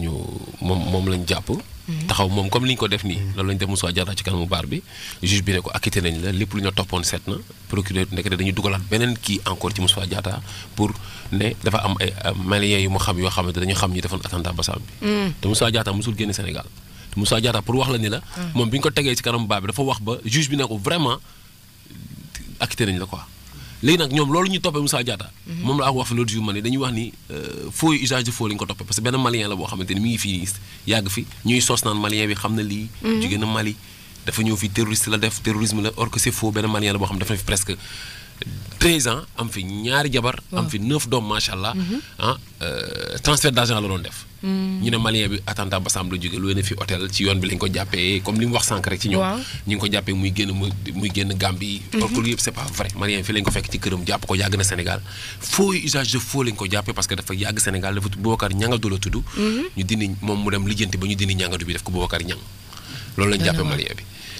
moom moom jàpp. Mhm. taxaw moom comme li ñu ko def nii. Mhm. loolu la ñu def Moussa Diatta ci kanamu baar bi. juge bi euh, xam yoo xamante dañu xam ñi defoon attentat ambassade bi. Mhm. te Moussa Diatta mosul génn Sénégal. Moussa Diatta pour wax la ni la. moom bi ñu ko tegee ci kanam baar bi dafa wax ba juge bi ne ko vraiment acquitté nañ la quoi léegi nag ñoom loolu ñu toppee Moussa Diatta mhm. moom la ak wax fa l'autre jour ma ne dañuy wax ni euh, faux usage de faux la ñu ko toppee parce que benn malien la boo xamante ni mi ngi fi yàgg fi ñuy sos naan malien bi xam na lii mhm. jigéen na Mali dafa ñëw fi terroriste la def terrorisme la or que c'est faux benn malien la boo xam ne dafa fi presque 13 ans am fi ñaari jabar am fi 9 doom macha allah mhm. ah euh, transfert d'argent la doon def Mm. ñu ne malien bi attentat Bassam la jóge lu ne fi hôtel ci yoon bi lañ ko jàppee comme li mu wax sànq rek ci ñoom ñu ngi ko jàppee muy génn muy génn Gambie mm-hmm. loolu yëpp c'est pas vrai malien fi lañ ko fekk ci këram jàpp ko yàgg na Sénégal faux usage de lañ ko jàppee parce que dafa yàgg Sénégal dafa Boubacar ñangadu la tudd mm-hmm. ñu dindi moom mu dem lijjanti ba ñu dindi ñangadu bi def ko Boubacar ñang loolu lañ jàppee malien bi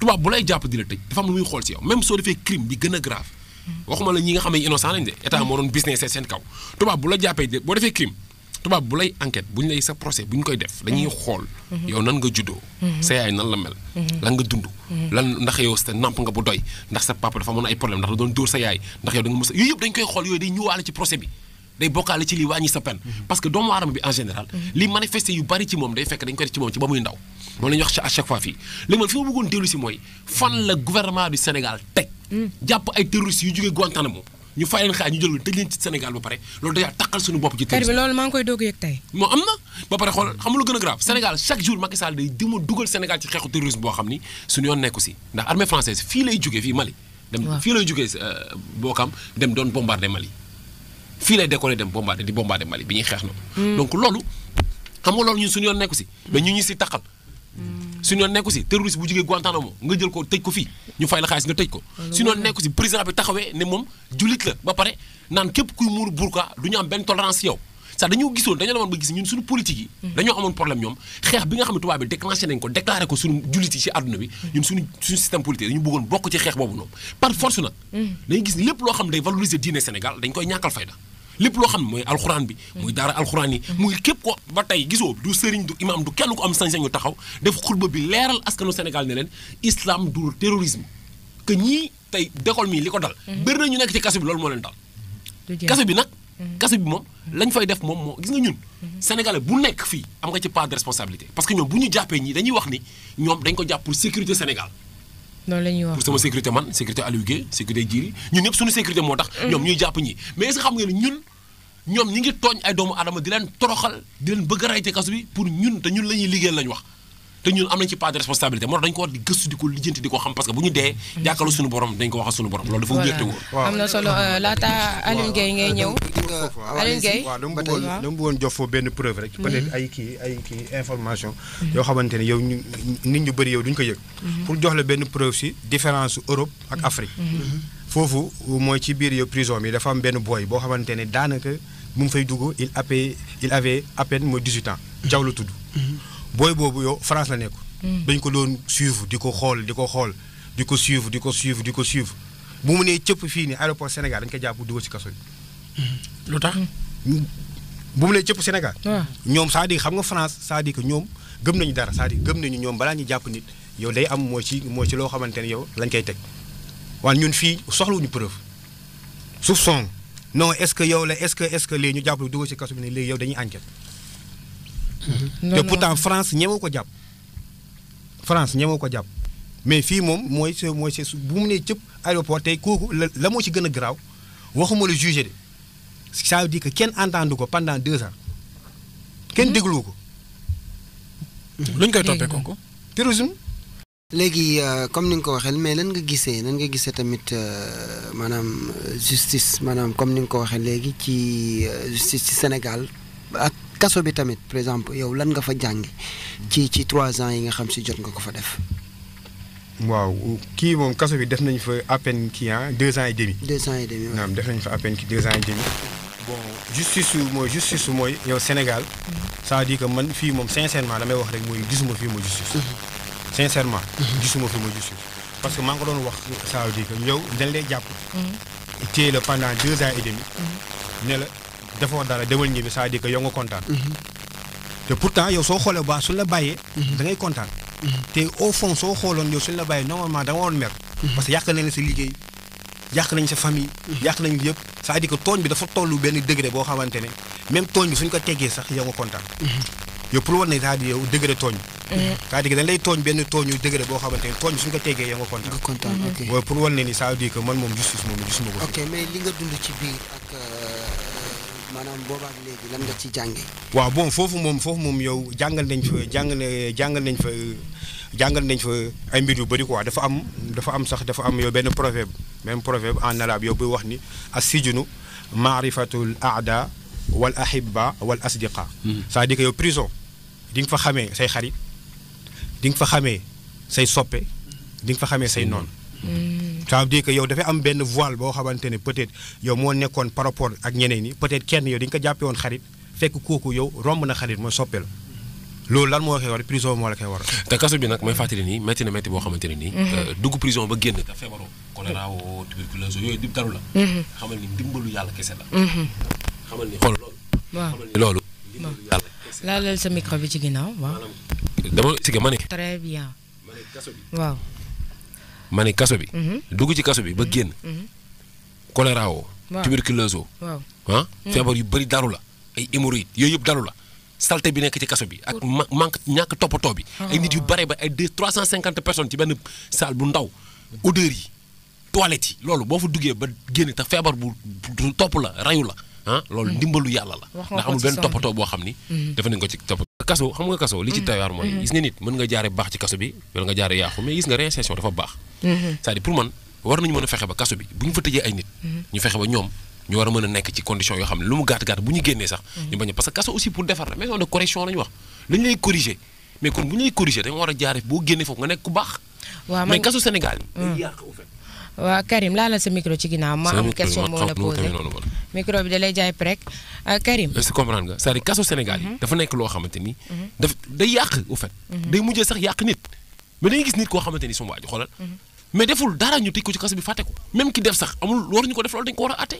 tubaab bu lay jàpp di tëj dafa am lu muy xool si yow même soo defee crime bi gën a grave waxuma ñi nga xam ne innocent lañ de état moo doon business seen kaw tubaab bu lay enquête bu ñu lay sa procès bu ñu koy def dañuy mm-hmm. xool mm-hmm. yow nan nga juddoo mm-hmm. sa yaay nan la mel lan nga dund lan ndax yow sa namp nga bu doy ndax sa papa dafa amoon ay problème ndax da doon dóor sa yaay ndax yow da nga yooyu yëpp dañ koy xool yooyu day ñëwaale ci procès bi day moom la ñuy wax à chaque fois fii léegi man fi ma bëggoon dellu si mooy fan la gouvernement du Sénégal teg. Hmm. jàpp ay terroristes yu jógee Guantanamo ñu fay leen xaar ñu jël tëj leen ci Sénégal ba pare loolu dèjà takkal suñu bopp ci. kër bi loolu maa ngi koy doog a yëg tey. moo am na ba pare xool xam lu gën a grave Sénégal chaque jour Macky Sall day dima dugal Sénégal ci xeexu terrorisme boo xam ni suñu yoon nekku si ndax armée française fii lay jógee fii Mali. dem fii lay jógee euh, bookam dem doon bombardé Mali fii lay décoller dem bombardé di bombardé Mali bi ñuy xeex na hmm. donc loolu xam nga loolu ñun suñu yoon nekku si mais ñu ñu si takkal suñu yoon nekku si terroriste bu jógee Guantanamo nga jël ko tëj ko fii ñu fay la xaalis nga tëj ko ah, suñu yoon nekku si président bi taxawee ne moom jullit la ba pare naan képp kuy muur burka du ñu am benn tolérance yow sax dañoo gisoon dañoo demoon ba gis ñun suñu politique yi hmm. dañoo amoon problème ñoom xeex bi nga xam tubaab bi déclenché ko suñu jullit yi ci àdduna bi hmm. ñun suñu suñu système dañu bëggoon bokk ci xeex boobu noonu par force nag hmm. dañuy gis ni lépp loo xam ne mooy alxuraan bi muy daara alxuraan yi mm-hmm. muy képp ko ba tey gisoo du sëriñ du imam du kenn ko am sañ-sañu taxaw def xutba bi leeral askanu Sénégal ne leen islam du terrorisme que ñii tey décole mii li ko dal mm-hmm. bëri na ñu nekk ci kaso bi loolu moo leen dal kaso bi nag mm-hmm. kaso bi moom lañ fay def moom moo gis nga ñun sénégalais bu nekk fii am nga ci part de responsabilité parce que ñoom bu ñu jàppee ñii dañuy wax ni ñoom dañ ko jàpp pour sécurité Sénégal loolu la ñuy wax pour sama man sécurité Aliou Guèye sécurité Djiri moo tax mm. ñoom ñuy jàpp xam nga ne ñun ñoom ñi ngi tooñ ay doomu aadama di leen toroxal di leen bëgg a rayte kasu bi pour ñun te ñun la ñuy liggéeyal lañ wax te ñun am nañ ci part de responsabilité moo tax dañu ko war di gëstu di ko lijjanti di ko xam parce bu ñu dee. jàkkaarloo suñu borom dañ ko wax suñu borom loolu dafa wér te euh, jox foofu benn preuve rek. Mhm. peut ay kii kii information. Mhm. yoo xamante nit ñu bëri yow duñ ko yëg. Mhm. pour jox benn preuve si différence Europe ak Afrique. foofu bu fay dugg il avait il avait à peine mooy 18 ans. diawlo tudd. Mhm. boy bobu yo France la nekk. bañ mhm. ko doon suivre diko xol diko xol diko suivre diko suivre diko suivre bu mu nee cëpp fii nii aéroport Sénégal dañ ko jàpp dugg ci kaso bi. Mhm. lu tax. Mm. bu mu nee cëpp Sénégal. ñoom ça à xam nga France ça à que ñoom gëm nañu dara ça à dire gëm nañu ñoom balaa ñu jàpp nit yow day am moo ci moo ci loo xamante ne yow lañ koy teg waaye ñun fii soxlawuñu preuve soupçon non est-ce que yow la est-ce que est-ce que léegi ñu jàppale dugg ci kaso bi ne léegi yow dañuy enquête. Mhm. te pourtant France ñemoo ko jàpp. France ñemoo ko jàpp mais fii moom mooy se mooy se bu mu nee cëpp aéroport tey kooku la la moo ci gën a garaaw waxuma le juger de ça veut dire que kenn entendu ko pendant deux ans. kenn mhm. déglu ko. luñ koy toppee kooku terrorisme léegi euh, comme ni nga mais lan nga nga euh, euh, justice maanaam comme justice ci Sénégal ak kaso bi tamit par exemple yow lan nga fa jàngi ci ci trois ans yi nga xam jot nga ko fa def. waaw def fa à peine kii deux ans et demi. deux ans et demi waaw def à peine deux ans et demi. bon justice justice Sénégal. Mm-hmm. ça dire que sincèrement justice sincèrement. je fi ma parce que je wax ça que yow lay pendant deux ans et demi. né la defo dara demal ça veut dire que yow nga content. pourtant yow sont xolé la da ngay au fond yow su la normalement da nga parce que nañ nañ sa famille. nañ ça veut dire que tu bi dafa degré de même togn bi suñ ko sax yow nga yow pour wane ne daa di yow degré tooñ. c'est-à-dire dañ lay tooñ benn tooñu degré boo xamante ne tooñ suñ ko tegee yow nga kontaan. nga kontaan ok waaye pour wane ne ni ça veut dire que man moom justice moom gisuma ko. ok mais li nga dund ci biir ak maanaam boobaak léegi lan nga ci jàngee. waaw bon foofu moom foofu moom yow jàngal nañ fa jàngale jàngal nañ fa jàngal nañ fa ay mbir yu bëri quoi dafa am dafa am sax dafa am yow benn proverbe même proverbe en arabe yow buy wax ni as-sijnu maarifatul aada wal ahibba wal asdiqa. c'est-à-dire que yow prison. Ding nga fa xamee say xarit Ding nga fa xamee say soppe Ding nga fa xamee say non. Mm. ça veut dire que yow dafay am benn voile boo xamante ne peut-être yow moo nekkoon par rapport ak ñeneen ñi peut-être kenn yow di nga ko jàppee woon xarit fekk kooku yow romb na xarit mooy soppe la loolu lan moo koy war prison moo la koy war. te kaso bi nag may fàttali ni métti na métti boo xamante ne nii. Mm-hmm. Euh, prison ba génn te feebaroo. choléra woo tuberculose yooyu di daru la. Mm-hmm. xamal ni ndimbalu yàlla kese la. Mm-hmm. xamal ni xool loolu. xamal ni loolu. ndimbalu laalal sa micro bi ci ginnaaw waaw. dama expliqué ma ne. très bien. ma ne kaso bi ne kaso bi. Mhm. dugg ci kaso bi ba génn. Mhm. choléra woo. Ah, mhm. feebar yu bëri daru la ay hémorroïdes yooyu yëpp daru la. salte bi nekk ci kaso bi ak manque ñàkk toppatoo bi. ay nit yu ah. bari ba ay deux trois cent cinquante personne ci benn salle bu ndaw. odeur yi toilettes yi loolu boo fa duggee ba génn te feebar bu topp la rayu la. ah loolu mm. ndimbalu yàlla la ndax benn toppatoo boo xam ni mm. dafa nañ ko ci toppatoo kaso xam nga kaso li mm. nga jaare baax ci kaso bi wala nga jaare yaaxu mais gis nga réinsertion dafa baax mm-hmm. cest à pour man war nañu mën a fexe ba kaso bi bu ñu fa tëjee ay nit mm-hmm. ñu fexe ba ñoom ñu war a mën a nekk ci condition yoo xam ne lu mu gàtt gàtt bu ñu génnee sax mm-hmm. ñu bañ parce que kaso aussi pour defar la mais nga war a jaare boo génnee foofu nga nekk ku waa Karim laalal sa micro ci ginnaaw. ma am question moo la posé micro bi da lay jaay prek euh, Karim. est-ce que comprendre nga c'est-à-dire kaso Sénégal yi. Mhm. dafa nekk loo xamante ni. Mhm. daf day yàq au fait. Mhm. day mujjee sax yàq nit. mais dañuy gis nit koo xamante ni suma waaju xoolal. mais deful dara ñu tëj ko ci kaso bi fàtte ko. même ki def sax amul waruñu ko def loolu dañu ko war a àtte.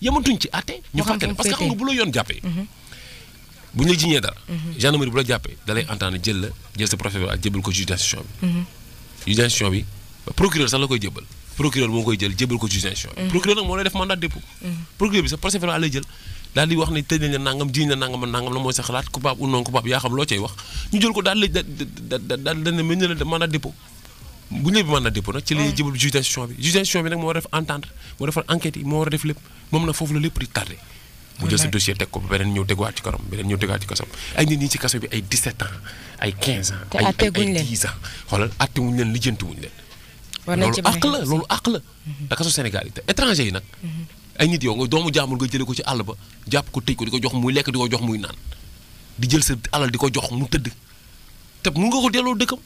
yamatuñ ci àtte. ñu fàtte ne parce que bu la yoon jàppee. bu ñu la jiñee dara. gendarmerie procureur moo koy jël jébal ko juridiction mm-hmm. procureur nag moo lay def mandat de mm-hmm. procureur bi sa procès verbal lay ay nit ñi ci ay 17 ans ay 15 ans ay 10 ans xoolal atte leen loolu àq la loolu àq mhm. la daka su Sénégal yi te étranger yi nag mhm. ay nit yow nga doomu jaamul nga jëlee ko ci àll ba jàpp ko tëj ko di ko jox muy lekk di ko jox muy naan di jël sa alal di ko jox mu tëdd te mun nga ko delloo dëkkam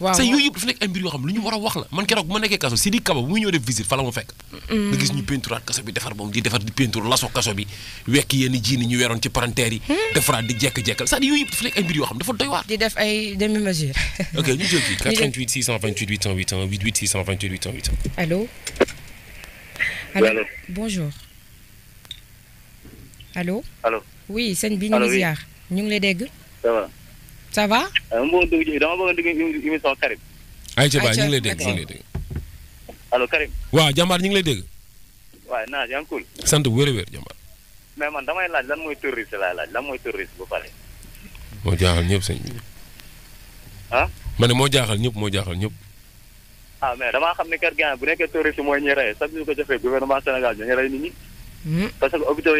waaw c'est yooyu yëpp dafa nekk ay mbir yoo xam lu ñu war a wax la man keroog bu ma nekkee kaso Sidi Kaba bu muy ñëw def visite fa la ma fekk mm. nga gis ñu peinturaat kaso bi defar moom di defar di peinture laso kaso bi wekk yenn jiini ñu weroon ci parenteer yi hmm. defaraat di jekk-jekkal c'est-à-dire yooyu yëpp dafa nekk ay mbir yoo xam dafa doy waar di def ay demi mesure ok ñu jël kii 88 628 881 88 628 881 allo allo bonjour allo allo oui sëñ bi ñu ngi ziar ñu ngi lay dégg ça ça va. Euh, dama bëggoon dugg ci dama bëggoon émission Karim. ayca ba ñu ngi lay dégg ñu ngi lay dégg. allo Karim. waa jàmbaar ñu ngi lay dégg. waaye naa yaa ngi cool. sant bu wér wér jàmbaar. mais man damay laaj lan mooy terroriste laay laaj lan mooy terroriste bu pare. moo jaaxal ñëpp sëñ bi. ah. ma ne moo jaaxal ñëpp moo jaaxal ñëpp. ah mais damaa xam ne kat gars bu nekkee terroriste mooy ñi rey sax ñu ko jëfee gouvernement Sénégal ñu rey nit ñi. Hmm.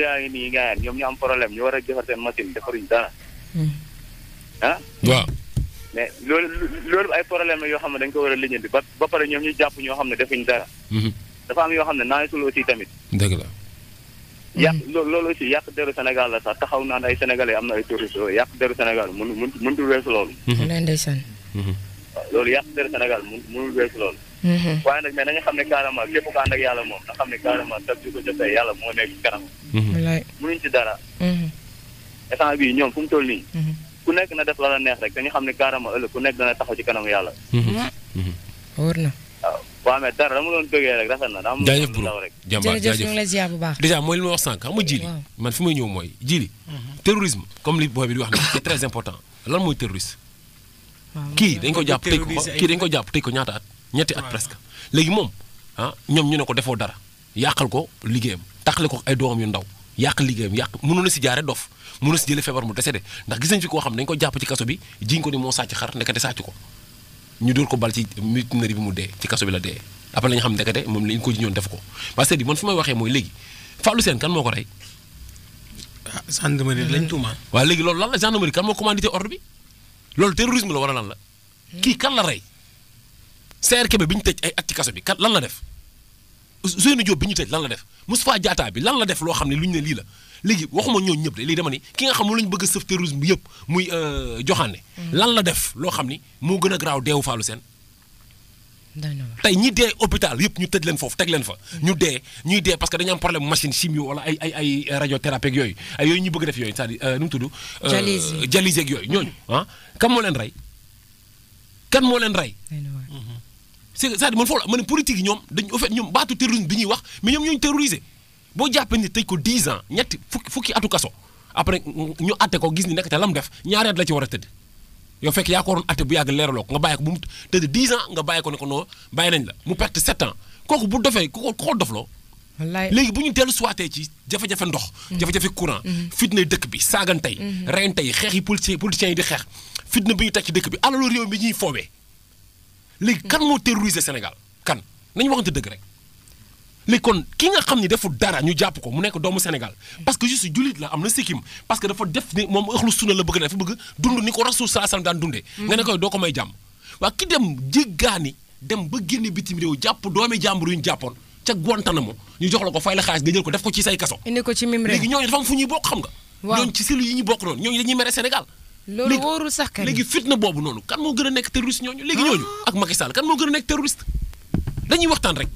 yaa ngi nii gars ñoom ñu am problème ñu war a defar seen machine defaruñ dara. Hmm. ah. waaw. mais loolu loolu ay problème la yoo xam ne dañ ko war a lijjanti ba ba pare ñoom ñu jàpp ñoo xam ne defuñ dara. Mhm. dafa am yoo xam ne naajatul aussi tamit. dëgg la. yàq loolu loolu aussi yàq deru Sénégal la sax taxaw naan ay sénégalais am na ay touristes yàq deru Sénégal mënu mënu mënut weesu loolu. walaay ndeysaan. loolu yàq deru Sénégal mënu mënul weesu loolu. Mhm. Mhm. waaye nag mais na nga xam ne carrément képp ku ànd ak yàlla moom nga xam ne carrément tag bi moo nekk kanam. walaay mënuñ ci dara. état bi ñoom fu mu toll nii. ku nekk na def la la neex rek dañu xam ne carrément ëllëg ku nekk dana taxaw ci kanam yàlla. Mhm. Ah. Mhm. wóor na. waaw waaw mais dara dama doon jógee rek rafet na. jaajëf bro jàmbaar jërëjëf ñu ngi lay ziar bu baax. dèjà mooy li ma wax sànq xam nga jili man fi may ñëw mooy jili mhm. terrorisme comme li booy bi di wax nii très important lan mooy terroriste. kii dañ ko jàpp tëj ko ñaata at ñetti at presque léegi moom ah, ñoom ñu ne ko defoo dara yàqal ko liggéeyam taxale ko ay doomam yu ndaw yàq liggéeyam yàq mënu na si jaare dof mën na si jële feebar mu décédé ndax gis nañ fi koo xam dañ ko jàpp ci kaso bi jiñ ko ni moo sàcc xar ndekete sàcc ko ñu dóor ko bal ci mutinerie bi mu dee ci kaso bi la dee après la xam ndekete moom lañ ko jiñoon def ko parce que man fi may waxee mooy léegi Fallou Sène kan moo ko rey ah gendarmerie lañ tuuma. waaw léegi loolu la gendarmerie kan moo commandité ordre bi loolu terrorisme la wala lan la. Hmm. kii kan la rey. Saër Kébé bi ñu tëj ay at ci kaso bi kan lan la def Ousseynou Diop bi ñu tëj lan la def Moustapha Diatta bi lan la def loo xam ne lu ñu ne lii la léegi waxuma ñooñu ñëpp de léegi dama ni ki nga xam moom la ñu bëgg a sëf terrorisme bi yëpp muy euh, joxaane mm-hmm. lan la def loo xam ni moo gën a garaaw deewu faalu seen tey ñi dee hôpital yëpp ñu tëj leen foofu teg leen fa mm-hmm. ñu dee ñuy dee parce que dañu am problème machine chimio wala ay ay ay euh, radiothérapie ak yooyu yooyu ñu bëgg def yooyu c'est-à-dire euh, nu mu tudd yooyu ñooñu mm-hmm. ah kan moo leen rey kan moo leen rey cest man foofu la ma ne yi ñoom dañ au fait ñoom baatu terrorisme bi ñuy wax mais ñoom ñooñu terroriser boo jàppee ni tëj ko 10 ans ñet fukki fukki atu kaso après ñu atté ko gis ni nek te lam def ñaari at la ci wara teud yo fekk ya ko waroon atté bu yag leeraloo nga bàyyi ko bu teud 10 ans nga bàyyi ko ne ko no bàyyi nañ la mu perte 7 ans koku bu dofé koku ko ku ko dofloo. wallaay léegi bu ñu dellu suwaatee ci jafe-jafe ndox. Mm-hmm. jafe-jafe courant. Mm-hmm. fitna dëkk bi saagantey. Mm-hmm. reyantey xeex yi policiers politiciens yi di xex fitna bi ñu teg ci dëkk bi alalu réew mi ñi fowé légui kan mo terroriser Sénégal kan nañu waxante dëgg rek léegi kon ki nga xam ni defu dara ñu jàpp ko mu nekk doomu Sénégal parce que juste jullit la am na sikkim parce que dafa def ni moom ëxlu sunna la bëgg dafa bëgg dund ni ko mm-hmm. réew jàpp doomi jàmbur yu ñu jàppoon ca Guantanamo ñu jox la ko fay la xaalis ko def ko ci say kaso indi ko ci mim réew léegi ñooñu dafa am fu ñuy bokk xam nga ñooñu ci selu yi ñu bokk noonu ñooñu dañuy mere Sénégal léegi fitna boobu noonu kan moo gën a nekk terroriste ñooñu léegi ñooñu ah. ak Macky Sall kan moo gën a nekk terroriste dañuy waxtaan rek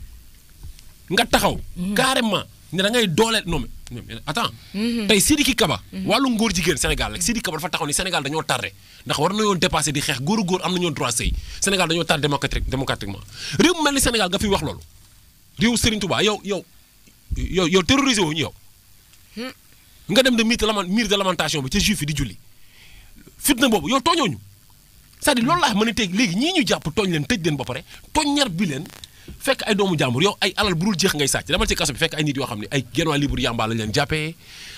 nga taxaw. carrément ne da ngay noom non mais attends. Mhm. tey Sidiki Kaba. Mhm. wàllu ngóor jigéen Sénégal rek Sidiki Kaba dafa taxaw ni Sénégal dañoo tardé ndax war nañoo dépassé di xeex góoru góor am nañoo droit sëy Sénégal dañoo tardé démocratique démocratiquement réew mu mel ni Sénégal nga fi wax loolu réew Serigne Touba yow yow yow yow terrorisé wu ñu yow. Hmm. nga dem de mur de lament mur de lamentation bi ca juif yi di julli fitna boobu yow tooñoo ñu c'est-à-dire loolu laa mën a teg léegi ñii ñu jàpp tooñ leen tëj leen ba pare tooñ ñar bi leen fekk ay doomu jàmbur yow ay alal burul jeex ngay sàcc dama ci kaso bi fekk ay nit yoo xam ne ay genn waa libre yamba lañ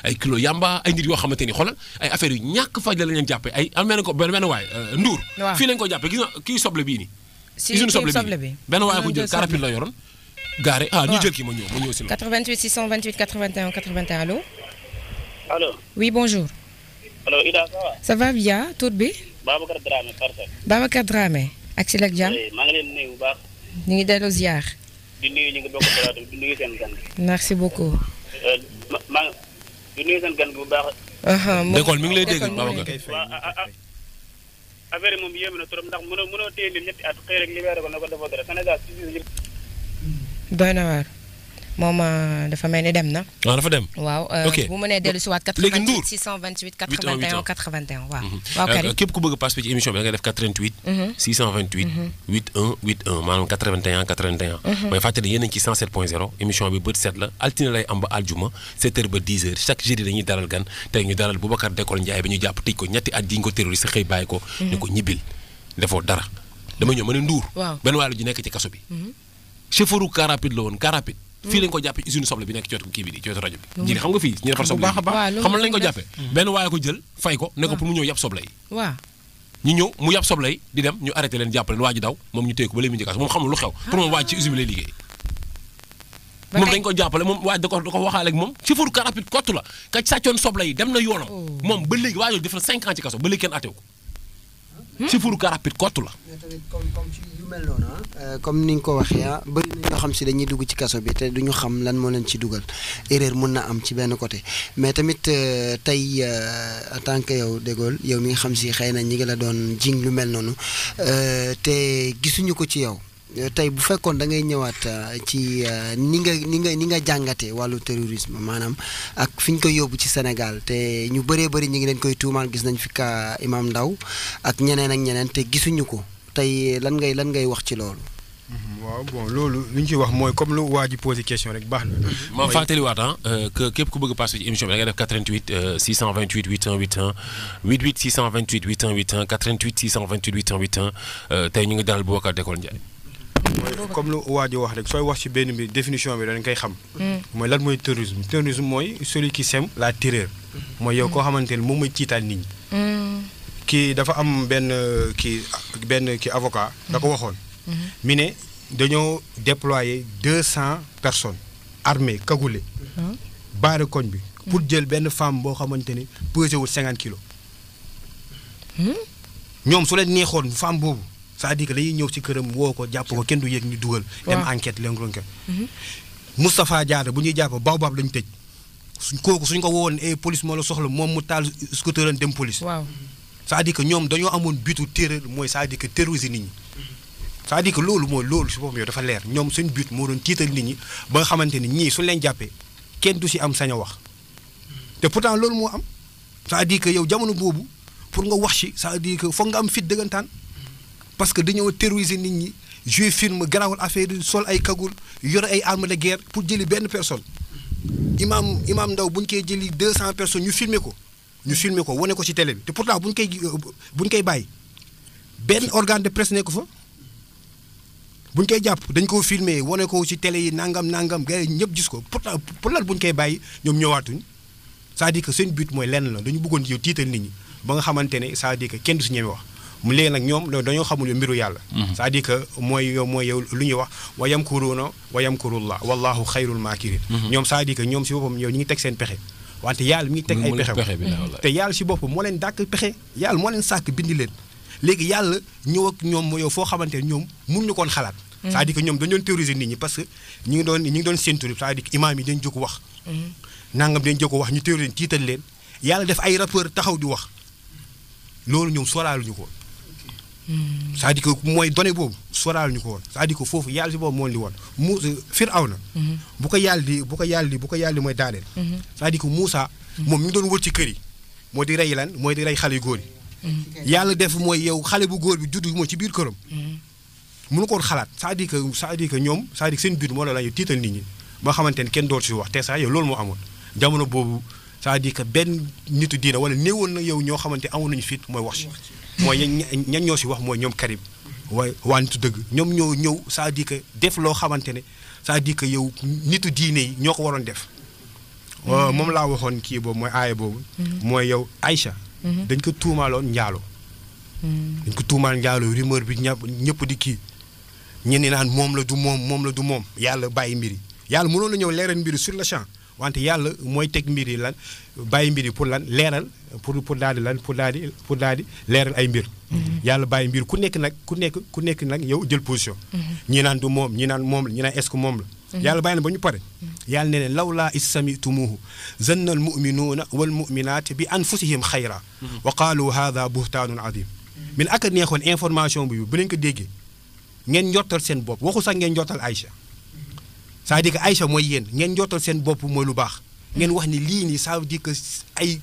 ay kilo yamba ay nit yoo xamante ni xoolal ay affaires yu ñàkk faj la lañ ay am ko benn benn waay euh, Ndour. fii lañ ko jàppee gis soble bii nii. si kii soble bi benn waay ko jël carapide la yoroon. gaare ah ñu ah. jël kii ma ñëw ma ñëw si. 88 628 bonjour. allo Ida ça va. ça va bi. Babacar Dramé ak si la ak ñu ngi dellu ziar. di nuyu ñu ngi bokk plateau di nuyu seen gan. merci beaucoup. Euh, ma di nuyu seen gan bu baax. Uh-huh, décol mi ngi lay dégg Babacar. Ah, ah, affaire yi moom yéeme na trop ndax mënoo mënoo téye nit ñetti at xëy rek libéré ko na ko defoo dara Sénégal. doy na waar. moom euh, dafa mel ni dem na. Ah, dafa dem. waaw euh, bu waat. léegi Ndour 88 628 81 81 waaw. Mhm. waaw euh, képp bëgg a ci émission bi def 88. 628. 81 81 81 81. fàttali yéen a ci 107.0 émission bi bët set la altine lay am ba aljuma 7h ba 10h chaque jeudi dañuy dalal gan tey ñu dalal Boubacar Décolle Ndiaye bi ñu jàpp tëj ko ñetti at di ko terroriste xëy ko. ñu mhm. ko ñibbil dara. dama ñëw ma Ndour. waaw benn ji ci bi. Mhm. fii lañ ko jàppe usine soble bi nekk cootu kii bi di cootu rajo bi jii xam nga fii ñu defar soble xamal benn waaye ko jël fay ko ne ah. pour mu ñëw yàpp soble yi ñu ñëw mu yàpp soble yi di dem ñu arrêté leen jàpp leen waa ji daw moom ñu téye ko ba léegi mu njëkkaas moom xamul lu xew ah. pour moom waa ji ci usine bi lay liggéey moom dañ ko jàppale moom waa da ko da ko waxaale ak moom chauffeur car rapide kott la ka sàccoon soble yi dem na yoonam oh. moom ba léegi waa jooju def na cinq ans ci kaso ko sifuru car rapide kottu la. comme comme ci yu euh, comme ni nga ko waxee ah bëri na xam si dañuy dugg ci kaso bi te duñu xam lan moo leen ci dugal erreur mun na am ci benn côté mais tamit euh, tey euh, en tant que yow De yow mi ngi xam si xëy nañ ñi ngi la doon jing lu mel noonu te gisuñu ko ci yow. Euh, tay bu fekkoon da ngay ñëwaat euh, ci euh, ni nga ni nga ni nga jàngatee wàllu terrorisme maanaam ak fi ñu koy yóbbu ci Sénégal te ñu bëree bëri ñu ngi leen koy tuumaal gis nañ fi ka Imam Ndaw ak ñeneen ak ñeneen te gisuñu ko tey lan ngay lan ngay wax ci loolu. Mhm, waaw bon loolu li ñu ci wax mooy comme lu waa ji posé question rek baax na. ma fàttaliwaat ah que képp ku bëgg a passé ci émission bi da ngay def 88 628 8181 88 628 8181 88 628 8181 tey ñu ngi bu Boubacar Décolle Ndiaye comme le wadi wax rek soy wax ci définition bi dañ koy xam. moy hmm. lan moy terrorisme terrorisme celui qui sème la terreur. moy yow ko hmm. hmm. avocat. da ko waxone mi déployer 200 personnes armées cagoulées. koñ bi. pour jël ben femme bo pesé wul 50 su leen femme ça à dire que dañuy ñëw ci këram woo ko jàpp ko kenn du yëg ñu dugal. dem enquête leen ko mhm. Moustapha Diatta bu ñuy jàpp baobab lañ tëj suñ kooku suñ ko woon eh police moo la soxla moom mu taal scooter dem police. waaw c'est-à-dire que ñoom dañoo amoon bitu terreur mooy c'est-à-dire que terroriser nit ñi. c'est-à-dire que loolu mooy loolu si boppam yow dafa leer ñoom suñ but moo doon tiital nit ñi ba nga xamante ni ñii suñ leen jàppee kenn du si am sañ a wax te pourtant loolu moo am c'est-à-dire que yow jamono boobu pour nga wax si c'est-à-dire que foog nga am fit dëggantaan. parce que dañoo terroriser nit ñi jouer film garaawul affaire yi sol ay kagul yor ay armes de guerre pour jëli benn personne imam imam ndaw buñ koy jëli 200 personnes ñu filmer ko ñu filmer ko woné ko ci télé bi te pourtant buñ koy euh, buñ koy bàyyi ben organe de presse nekk fa buñ koy japp dañ ko filmer woné ko ci télé yi nangam nangam gars ñëpp gis ko pourtant pour lan buñ koy bàyyi ñom ñëwaatuñ ça dit que seen but moy lenn la dañu bëggoon yow tital nit ñi ba nga xamante ne cest à que kenn du si wax. léegi nag ñoom dañoo xamul mbiru yàlla c'est-à-dire que mooy mooy lu ñuy wax wa yamkuruuna wa yamkurullah wallahu xayrul maakirin ñoom c'est-à-dire que ñoom si boppam ñoom ñu ngi teg seen pexe wante yàlla mi ngi teg ay pexe te yàlla si boppam moo leen dàkk pexe yàlla moo leen sàkk bindi leen léegi yàlla ñëw ak ñoom yow foo xamante ne ñoom mënuñu koon xalaat c'est-à-dire que ñoom dañu doon nit ñi parce que ñu ngi doon ñu ngi doon séntu c'est-à-dire que imaam yi dañ jóg wax nangam dañ jóg wax ñu théoriser tiital leen yàlla def ay rappeur taxaw di wax loolu ñoom solaaluñu ko c'est-à-dire que mooy donné boobu soraal ñu ko woon cest à foofu yàlla si boobu moo li woon mu Firawna bu ko yàlla di bu ko yàlla di bu ko yàlla di mooy daaneel c'est-à-dire que Moussa moom mi ngi doon wër ci kër moo di rey lan mooy di rey xale yu góor yi yàlla def mooy yow xale bu góor bi juddu mooy ci biir këram mënu ko woon xalaat sa à sa que c'est-à-dire que ñoom c'est-à-dire que seen biir moo la la ñu tiital nit ñi ba xamante ne kenn dootu si wax te ça yow loolu moo amoon jamono boobu c'est-à-dire que benn nitu diina wala néewoon na yow ñoo xamante amoon nañu fit mooy wax si mooy ña ñoo si wax mooy ñoom Karim waaye waa nitu dëgg ñoom ñoo ñëw saa à dire def loo xamante ne saa à dire que yow nitu diine yi ñoo ko waroon def moom laa waxoon kii boobu mooy aaya boobu mm-hmm. mooy yow Aïcha mm-hmm. dañ ko tuumaaloon njaaloo mm-hmm. dañ ko tuumaal njaaloo rumeur bi ñëpp di kii ñenn naan moom la du moom moom la du moom yàlla bàyyi mbir yi yàlla mënoon na ñëw leeral mbir yi le champ wante yàlla mooy teg mbir yi lan bàyyi mbir yi pour lan leeral pour pour daal di lan pour daal di pour daal di leeral ay mbir. yàlla bàyyi mbir ku nekk nag ku nekk ku nekk nag yow jël position. ñi naan du moom ñi naan moom la ñi naan est-ce que moom la. yàlla bàyyi na ba ñu pare. yàlla ne leen lawlaa is samitumuuhu zanna al muminuuna wal muminaati bi anfusihim xayra. wa qaalu haada buhtaanun adim. min ak a neexoon information bi bu leen ko déggee ngeen njottal seen bopp waxu sax ngeen njottal Aïcha. saa à dire que Aïcha mooy yéen ngeen njottal seen bopp mooy lu baax ngeen wax ni lii nii ça veut dire ay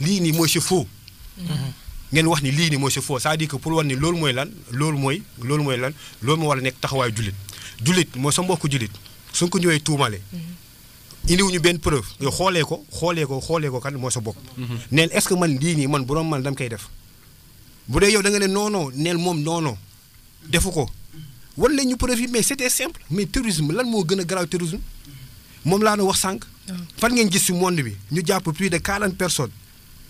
lii nii mooy c'est foo ngeen wax ni lii nii mooy c'est foo cest à pour wan ni loolu mooy lan loolu mooy loolu mooy lan loolu moo war nekk taxawaayu jullit jullit mooy sa mbokku jullit su ko ñëwee tuumale indiwuñu benn preuve yow xoolee ko xoolee ko xoolee ko kan moo sa bopp neen est-ce que man lii nii man bu doon man dam koy def bu dee yow da nga ne non non neel moom non defu ko wala ñu preuve mais c' simple mais tourisme, lan moo gën a terrorisme moom laa na wax sànq. fan ngeen gis monde bi ñu plus de quarante personnes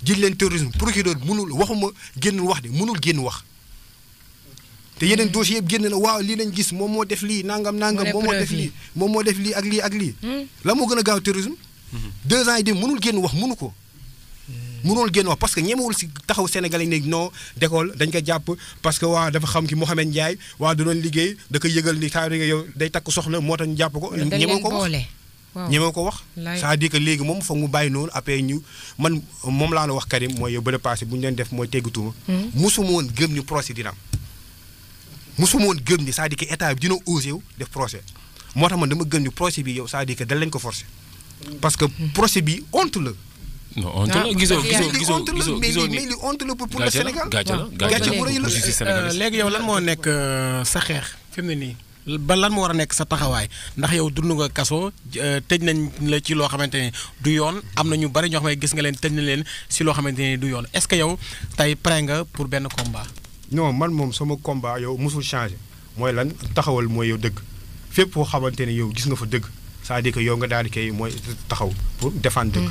jël leen procureur mënul waxuma génn wax de mënul génn wax. te yeneen hmm. dossiers yëpp waaw lii lañ gis moom moo def lii nangam nangam moom moo def lii moom moo def lii ak lii ak lii. Hmm. lan moo gën a hmm. deux ans et demi wax mënul parce que ñemewul si taxaw sénégalais yi non dañ ko parce que waa dafa xam ki mohamed Ndiaye waa da doon liggéey da koy yëgal ni saa yow day takk soxna moo ñu jàpp ko wax ko wax c'est-à-dire que léegi moom foog mu bàyyi noonu après ñu man moom laa la wax Karim mooy yow bële passé bu ñu def mooy hmm. woon gëm procès dina am woon gëm ni que état bi dina osé def procès moo man dama gëm procès bi yow que parce que hmm. procès bi honte non honte la ah, gisoo gisoo gisoo gisoo gisoo mais li honte la pour le Sénégal gàcce la gàcce bu rëy la euh, léegi yow lan moo nekk euh, sa xeex fi mu ne nii ba lan moo war a nekk sa taxawaay ndax yow dund nga kaso euh, tëj nañ la ci loo xamante ne du yoon am na ñu bari ñoo xam ne gis nga leen tëj na leen si loo xamante ne du yoon est-ce que yow tey pare nga pour benn combat. non man moom sama combat yow mosul changé mooy lan taxawal mooy yow dëgg fépp foo xamante ne yow gis nga fa dëgg c'est-à-dire que yow nga daal di koy mooy taxaw pour défendre dëgg.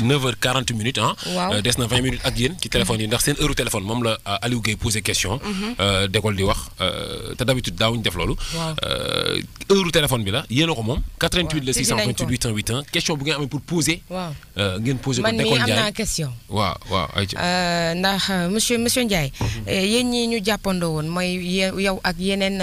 9 h 40 minutes hein waaw euh, na 20 minutes ak yéen ci téléphone yi ndax sen heure téléphone mom la euh, Aliou Gueye poser question. Mhm. euh Décolle di wax euh ta d'habitude daawuñu def lolu euh heure téléphone bi la yéen ko mom 88 le 628 881 question bu ngeen amé pour poser. euh ngeen poser ko Décolle Ndiaye man mii amna naa question. wa waaw euh ndax euh, monsieur monsieur Ndiaye. Mhm. yéen ñi ñu jàppandoo woon mooy yow ak yenen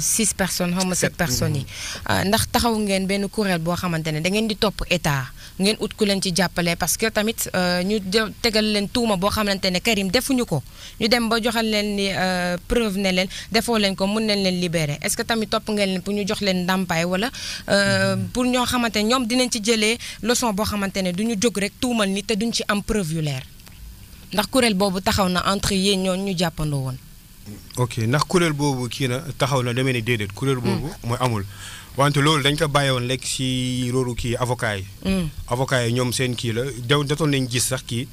6 personnes xaw ma personnes mhm. ndax taxaw ngeen ben courriel bo xamantene da ngeen di top état ngeen out ku len ci jàppale parce que tamit euh, ñu tegal leen tuuma boo xamante ne Karim defuñu ko ñu dem ba joxal leen ni euh, preuve ne leen defoo leen ko mun nañ leen libérer est-ce que tamit topp ngeen leen pour ñu jox leen ndàmpaay wala euh, pour ñoo xamante ne ñoom dinañ ci jëlee leçon boo xamante ne du ñu jóg rek tuumal ni te duñ ci am preuve yu leer ndax kuréel boobu taxaw na entre yéen ñoo ñu jàppandoo woon. ok ndax kuréel boobu kii na taxaw na demee ni déedéet. kuréel boobu mm. wante loolu dañ ko bàyyi woon lekk si rooru kii avocat yi. Mm. avocat yi ñoom seen kii la daw jotoon nañ gis sax kii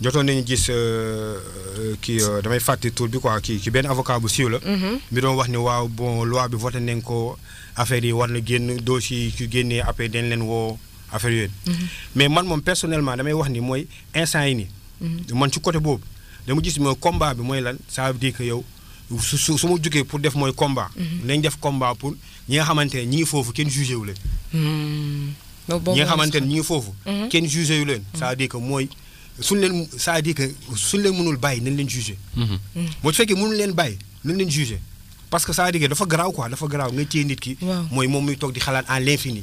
jotoon nañ gis euh, euh, kii euh, damay fàtte tur bi quoi kii ki benn avocat bu siiw la. Mm-hmm. mi doon wax ne waaw bon loi bi voté nañ ko affaire yi war na génn dossier yi ci génnee après dañ leen woo affaire yooyu. Mm-hmm. mais man moom personnellement damay wax ni mooy instant yi nii. Mm-hmm. man ci côté boobu dama gis mooy combat bi mooy lan ça veut dire que yow. su su su ma jógee pour def mooy combat. Mhm. nañ def combat pour ñi nga xamante ne ñi ngi foofu kenn jugé wu leen. Hmm. ñi nga xamante ne ñi ngi foofu. Mhm. kenn jugé wu leen. Mhm. c'est-à-dire que mooy suñ leen c'est-à-dire que suñ leen mënul bàyyi nañ leen jugé. boo fekkee mënul bàyyi nañ leen jugé parce que c'est-à-dire dafa garaaw quoi dafa garaaw nga téye nit ki. mooy moom muy toog di xalaat à l'infini.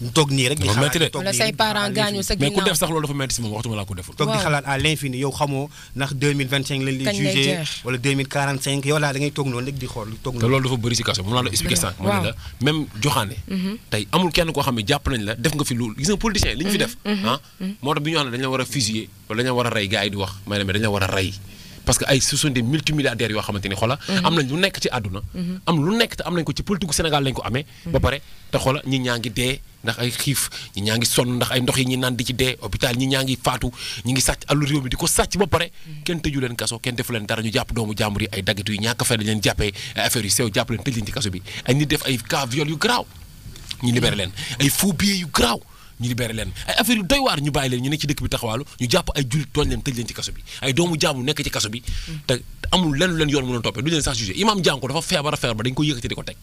ñu toog nii rek. di xalaat wala say parents gaañu sa ginnaaw mais ku def sax loolu dafa métti si moom waxtuma laa ko deful. toog di xalaat à l'infini yow xamoo ndax 2025 lañ lay jugé wala di xool toog noonu. loolu dafa bëri si kaso moom laa la expliqué sànq. waaw la mhm. nga fi mhm. Mhm. Ah, la war a fusiller wala la war a rey gars yi di wax may demee dañu la war a rey parce que ay ce sont des yoo xamante ni mhm. am nañ lu nekk ci àdduna mhm. am lu nekk te am nañ ko ci politique Sénégal lañ ko amee mhm. ba pare te xoola ñi ñaa ngi dee ndax ay xiif ñi ñaa ngi sonn ndax ay ndox yi ñi naan di ci dee hôpital ñi ñaa ngi faatu ñi ngi sàcc àllu réew di ko sàcc ba pare kenn tëju leen kaso kenn defu leen dara ñu jàpp doomu jàmbur yi ay daggitu yu ñàkk fay dañ leen jàppee ay affaires yu sew jàpp leen tëj leen ñu libéré leen ay affaire doy waar ñu bàyyi leen ñu nekk ci dëkk bi taxawaalu ñu jàpp ay jullit tooñ leen tëj leen ci kaso bi ay doomu jaamu nekk ci kaso bi mm. te amul lenn leen yoon mënoon toppee du leen sax jugé imam jànko dafa feebar a feebar ba dañ ko yëkkati di ko teg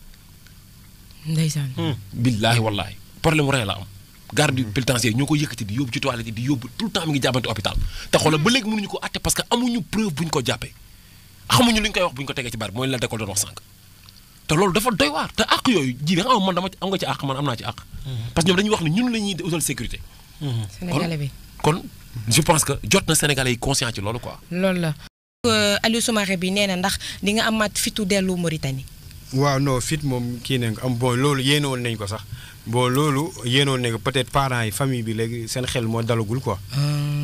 hmm. billaahi wallaahi problème rey la am garde hmm. pénitentiaire ñoo ko yëkkati di yóbbu ci toilette di yóbbu tout temps ngi jàppante hôpital te xoolal ba léegi mënuñu ko atte parce que te loolu dafa doy waar te àq yooyu ji nga man dama am nga ci àq man am naa ci àq. Mhm. parce que ñoom dañuy wax ne ñun la ñuy utal sécurité. Mhm. Sénégalais bi kon je pense que jot na Sénégalais yi conscient loolu quoi. loolu la. Euh, Aliou Soumaré bi nee na ndax di nga amaat fitu dellu Mauritanie. waaw non fit moom kii ne am bon loolu yéenoon nañ ko sax bon loolu yéenoon nañ ko peut-être parents yi famille bi léegi seen xel moo dalagul quoi. Ah.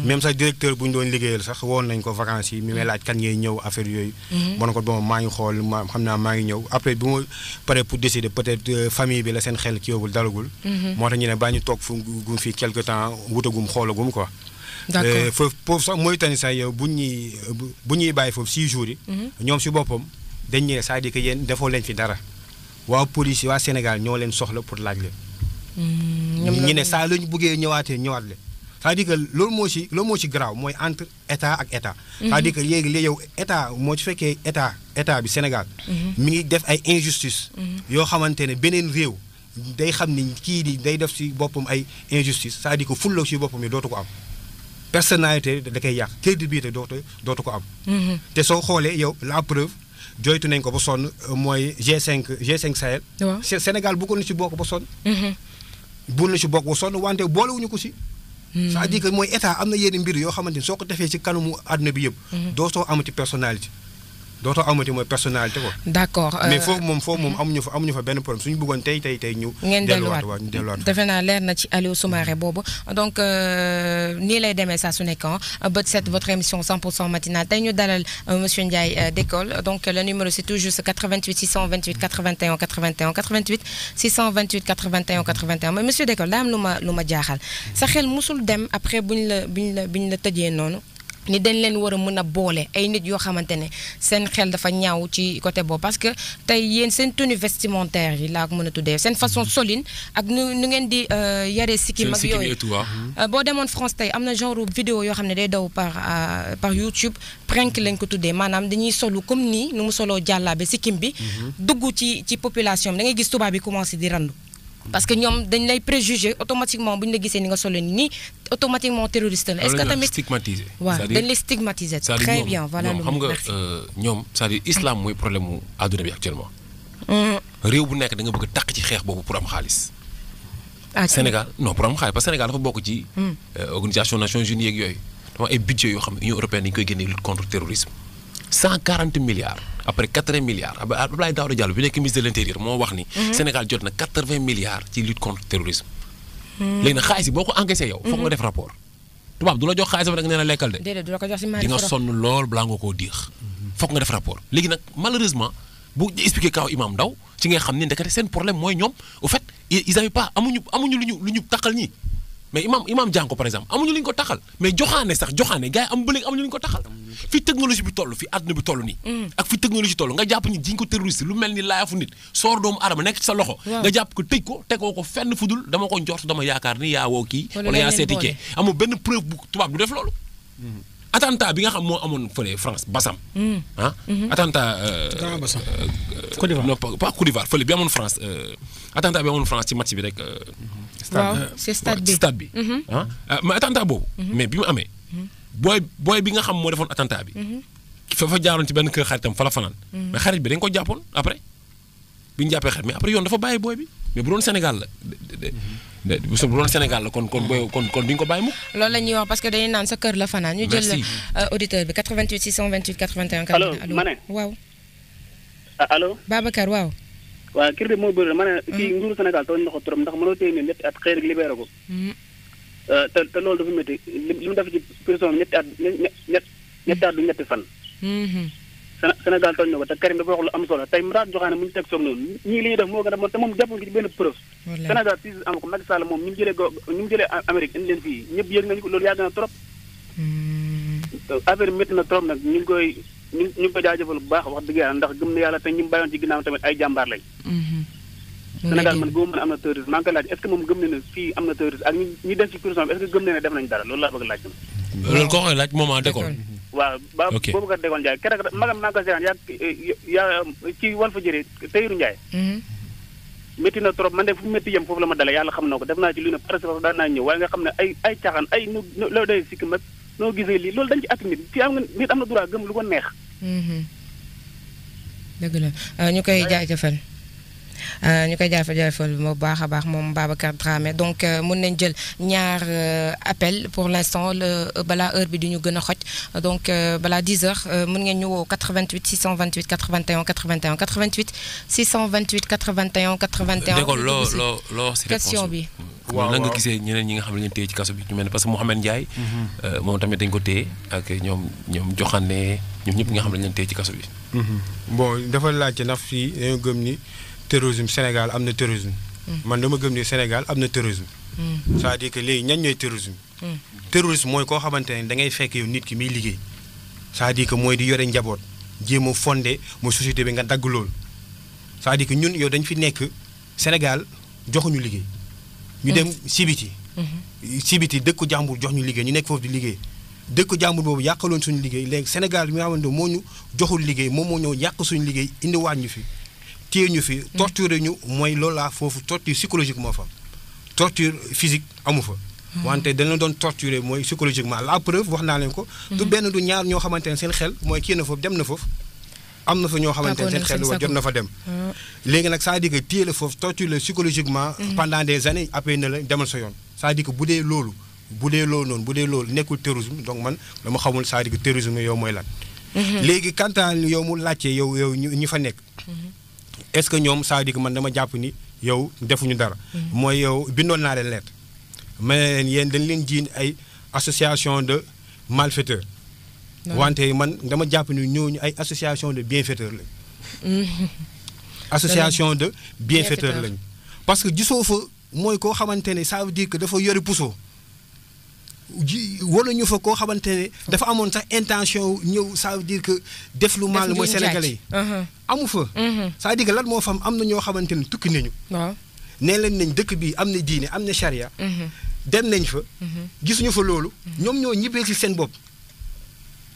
même sax directeur bu ñu doon liggéeyal sax woon nañ ko vacances yi mi may laaj kan ngay ñëw affaire yooyu. ma mhm. ne ko bon maa ngi xool ma xam naa maa ngi ñëw après bu ma paree pour décider peut-être euh, famille bi la seen xel kiiwagul dalagul. Mhm. moo tax ñu ne baa ñu toog fu gum fi quelque temps wutagum xoolagum quoi. d'accord euh, foofu foofu sax Mauritanie sax yow bu ñuy bu ñuy bàyyi foofu six jours yi. Mhm. ñoom si boppam dañ ne cest dire que yéen defoo leen fi dara waa police waa Sénégal ñoo leen soxla pour laaj leen. Hmm, ñu ne saa lañu buggee ñëwaatee ñëwaat leen. c'est-à-dire que loolu moo ci loolu moo ci garaaw mooy entre état ak état. Hmm. c'est-à-dire que léegi léegi yow état moo ci fekkee état état bi Sénégal. Hmm. mi ngi def ay injustice yoo xamante ne beneen réew. day xam ni kii di day def ci boppam ay injustice c'est-à-dire que fulla ci boppam yi dootu ko am. personnalité da koy yàq crédibilité dootu dootu ko am. te soo xoolee yow la preuve. jooytu nañ ko ba sonn euh, mooy G5 G5 Sahel. waaw Sénégal bëggoon na ci bokk ba sonn. Mhm. bëggoon na ci bokk ba sonn wante boolewuñu ko si. Mhm. c'est-à-dire mooy état am na yenn mbir yoo xamante soo ko defee ci kanamu àdduna bi yëpp. Mhm. doo soo amati personnalité. dootoo amati mooy personnalité quoi. d'accord euh, mais foofu moom foofu moom amuñu fa amuñu fa benn problème suñu bëggoon tey tey tey ñu. ngeen delluwaat waaw ñu delluwaat defe naa leer na ci Aliou Soumaré boobu donc euh, nii lay demee saa su nekk ah, bët set votre émission 100 pour 100 matinale tey ñu dalal euh, monsieur Ndiaye Décolle donc le numéro c'est toujours 88 628 81 81 88 628 81 81 mais monsieur Décolle daa am lu ma lu ma jaaxal sa xel musul dem après buñ la buñ la buñ la tëjee noonu ni dañ leen war a mën ay nit seen xel dafa ñaaw ci côté parce que tay yéen seen a seen façon mhm. solide. ak nu di euh, ah. mhm. euh, France vidéo par par YouTube prank lañ ko tuddee maanaam dañuy solu comme nii nu mu soloo jàllaabe bi mhm. dugg ci ci population da gis tubaab bi commencé parce que ñom dañ lay préjuger automatiquement buñ la gissé ni nga solo ni automatiquement terroriste est-ce que tamit stigmatisé. Ouais, dañ les stigmatiser très bien voilà lu xam nga euh, ñoom c'est-à-dire islam moy problème mu àdduna bi actuellement. Mm. réew bu nek da nga bëgg tak ci xeex bobu pour am xaliss ah, Sénégal non pour am xaliss parce que Sénégal dafa bok ci. Mm. Euh, organisation Nations Unies yeeg yooyu dafa ay budget yo xam Union européenne dañu koy génnee lutte contre terrorisme. 140 milliards après 80 milliards Abdoulaye Daouda Diallo bi nek ministre de l'intérieur mo wax ni. Mhm. Sénégal jot na 80 milliards ci lutte contre terrorisme. léegi nag xaalis yi encaissé yow. foko mhm. def rapport. tubaab dula jox xaalis rek neena na lekkal de. déedéet du ko jox si di nga son lool balaa nga koo diix. Mhm. nga def rapport léegi nak malheureusement bu expliquer kaw Imam Ndaw ci nga xamni ndekete problème moy ñom au fait ils avaient pas amuñu amuñu luñu luñu takal ni mais imam imam jànko par exemple amuñu liñ ko takal mais joxane sax joxane gars am ba amuñu liñ ko takal fi technologie bi tollu fi bi tollu ni mm. ak fi technologie tollu nga japp ni diñ ko terroriste lu melni ni nit sor doom aadama nek ci sa loxo nga japp ko tejj ko tegoo ko fenn fudul dama ko njort dama yaakaar ni ya wo ki wala ya setike amu ben preuve bu tubaab du def lolu mm-hmm. attentat bi nga xam mo amone France Bassam mm. ah mm-hmm. attentat euh, euh, Côte d'Ivoire pas Côte d'Ivoire bi amone France euh, attentat bi amone France ci match bi rek mm-hmm. stade bi stade bi. Mhm. Ah, ah, mais attentat boobu. Mhm. mais bi mu amee. Mhm. booy booy bi nga xam moo defoon attentat bi. fa fa jaaroon ci benn kër xaritam fa la fanaan. mais xarit bi dañ ko jàppoon après. bi ñu xarit mais après yoon dafa bàyyi booy bi mais bu doon Sénégal la. bu doon Sénégal la kon kon booy kon ko bàyyi mukk. loolu la wax parce que dañuy naan sa kër la fanaan. ñu jël euh, auditeur bi 88 628 81. allo ma ne allo waaw. Ah, allo Babacar waaw. waaw kër de moo bëri ma ne mm. kii nguuru Sénégal tooñ na ko trop ndax mënoo téye nit ñetti at xëy rek libéré ko mm. euh, te te loolu dafa métti li mu def ci prison ñetti at ñett mm-hmm. te Karim ñu teg soog noonu ñii li ñuy def moo gën a te moom jàpp ci benn preuve Sénégal si am ko Macky Sall moom ñu mu jëlee ñu mu jëlee Amérique indi leen fii ñëpp yëg nañu ko loolu yàgg na trop mm. euh, affaire métti na trop nag ñu ngi koy ñu ñu ko jaajeful bu baax wax dëgg yàlla ndax gëm na yàlla te ñu bayoon ci ginnaaw tamit ay jàmbaar lañ mhm. Sénégal man gëmu mën am na terroriste maa ngi koy laaj est ce que moom gëm na ne fii am na terroriste ak ñi dem ci kuréel est ce que gëm na ne def nañ dara loolu laa bëgg laaj loolu ko koy laaj moment d'école waaw ba boobu kat dégoon Ndiaye keroog magam naa ko seetaan yaa yaa ci wal fa jëre Tayru Ndiaye metti mhm. na trop man de fu metti yam foofu la ma dalee yàlla xam na ko def naa ci lu ne parce que daan naa ñëw waaye nga xam ne ay ay caaxaan ay nu loo day sikki mag noo gisee lii loolu dañ ci at nit fii am nga nit am na droit gëm lu ko neex. Mm-hmm. dëgg la euh, ñu koy jaajëfal. ñu koy jaajëfal jaajëfal bu baax a baax mom Babacar Dramé donc euh, mën nañ jël ñaar euh, appel pour l'instant. le euh, bala heure bi di ñu gën xoj donc bala 10 h mën ngeen ñu wo 88 628 81 81 88 628 81 81. dégg nga loo loo loo question bi. waaw nga gisee ñeneen ñi nga xam ne ñu téye ci kaso bi ñu mel parce que Mohamed Ndiaye. Mm-hmm. moom tamit dañ ko téye ak ñoom ñoom joxane ñoom ñëpp nga xam ne ñu téye ci kaso bi. Mm-hmm. bon dafa laajte ndax fii dañu gëm ni. terrorisme Sénégal am na terrorisme. Hmm. man dama gëm ne Sénégal am na terrorisme. Hmm. c'est-à-dire que léegi ñan ñooy terrorisme. Hmm. terrorisme mooy koo xamante ne da ngay fekk yow nit ki muy liggéey. c'est-à-dire que mooy di yore njaboot jéem fondé mooy société bi nga dagg lool. c'est-à-dire que ñun yow dañ fi nekk Sénégal joxuñu liggéey. ñu dem sibiti sibiti dëkku jàmbur jox ñu liggéey ñu nekk foofu di liggéey. dëkku jàmbur boobu yàqaloon suñu liggéey léegi Sénégal mi nga xamante moo ñu joxul liggéey moom moo ñëw yàq suñu liggéey indiwaat ñu fi. téye ñu fi. torturer ñu mooy loolu laa foofu torture psychologique moo fa torture physique amu fa. wante dañ la doon torturer mooy psychologiquement la preuve wax naa leen ko. du benn du ñaar ñoo xamante ne seen xel mooy kii na foofu dem na foofu. am na fa ñoo xamante ne seen xel wa jot na fa dem. léegi nag ça veut dire que téye la foofu torture la psychologiquement. Mhm. pendant des années après na la demal sa yoon. ça veut dire que bu dee loolu bu dee loolu noonu bu dee loolu nekkul terrorisme donc man dama xamul ça veut dire que terrorisme yow mooy lan. Mhm. léegi quand à yow mu laajte yow yow ñi fa nekk. Mhm est-ce que ça veut dire que man dama jàpp ni yow defuñu dara. Mm. mooy yow bindoon naa leen lettre. ma dañ leen jiin ay association de malfaiteurs. wante man dama jàpp association de bienfaiteurs mm. association de bienfaiteurs parce que gisoo fa mooy koo xamante ça veut dire que dafa yori puso ji wala fa ko xamantene dafa amone sax intention ça veut dire que def lu mal moy sénégalais uh-huh. amu mm-hmm. ça veut dire que lan mo fam amna ño xamantene tukki nañu waaw nee nañ dëkk bii diine mm-hmm. dem nañ fa mm-hmm. gisunu fa lolu ñom ño ñibé ci sen bop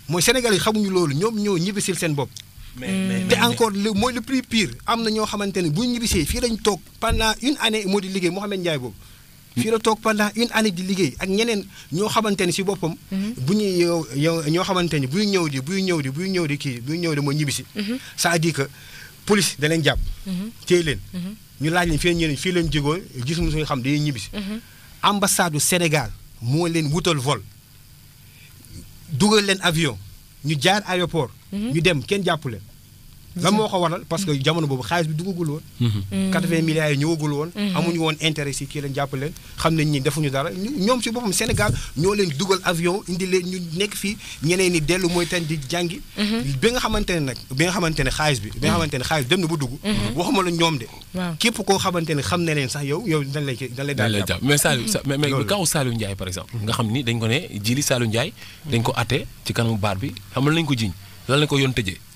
moy sénégalais xamuñu loolu ñoom ñoo ñibbee si Mais… bopp te encore le moy le plus pire amna ño xamantene bu ñu ñibbisee pendant une année moo di Mohamed Ndiaye fii la toog une année di liggéey ak ñeneen ñoo xamante ne si boppam. bu ñuy yow ñëw di mhm. dire que police da leen jàpp. Mhm. téye leen. Mhm. ñu laaj leen fii leen fii leen gis mu xam ambassade du Sénégal moo leen wutal vol leen avion ñu jaar lan moo ko waral parce que jamono boobu xaalis bi duggagul woon. 80 mhm. milliards yi ñëwagul woon. Mhm. amuñu woon intérêt si kii leen jàpp leen xam nañ ni defuñu dara ñoom si boppam Sénégal ñoo leen dugal avion indi leen ñu nekk fii ñeneen ni dellu mooy tan di jàngi. Mhm. bi nga xamante ne nag bi nga xamante ne xaalis bi. bi nga xamante ne xaalis dem na ba dugg. waxuma la ñoom de. képp koo xamante ne xam na leen sax yow yow dañ lay dañ lay. dañ jàpp mais Saliou mais mais kaw Saliou Ndiaye par exemple. nga xam ni dañ ko ne jili Saliou Ndiaye. dañ ko atte ci kanamu baar bi xamal nañ ko jiñ lan lañ ko yoon tëjee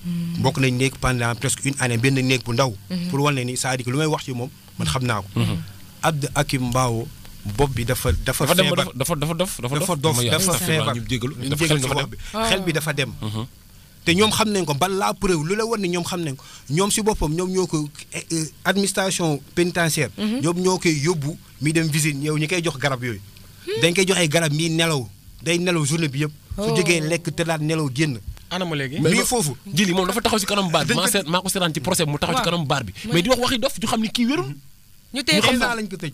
Mm. bokk nañ pendant presque une année bu ndaw. Mm-hmm. pour wane ni à dire que lu may wax ci moom man xam naa mm-hmm. Akim Mbawo bopp bi dafa dafa. feebar dafa dafa dafa dafa dof dafa feebar ñu jégalu xel bi dafa dem. te administration pénitentiaire. Mm-hmm. ñoom ñoo koy anama léegi mais foofu jili moom dafa taxaw ci kanam baar bi maa ko seetaan ci procès mu taxaw ci kanam baar bi mais di wax waxi dof ñu xam ni kii wérul ñu tey 15 ans lañ ko tëj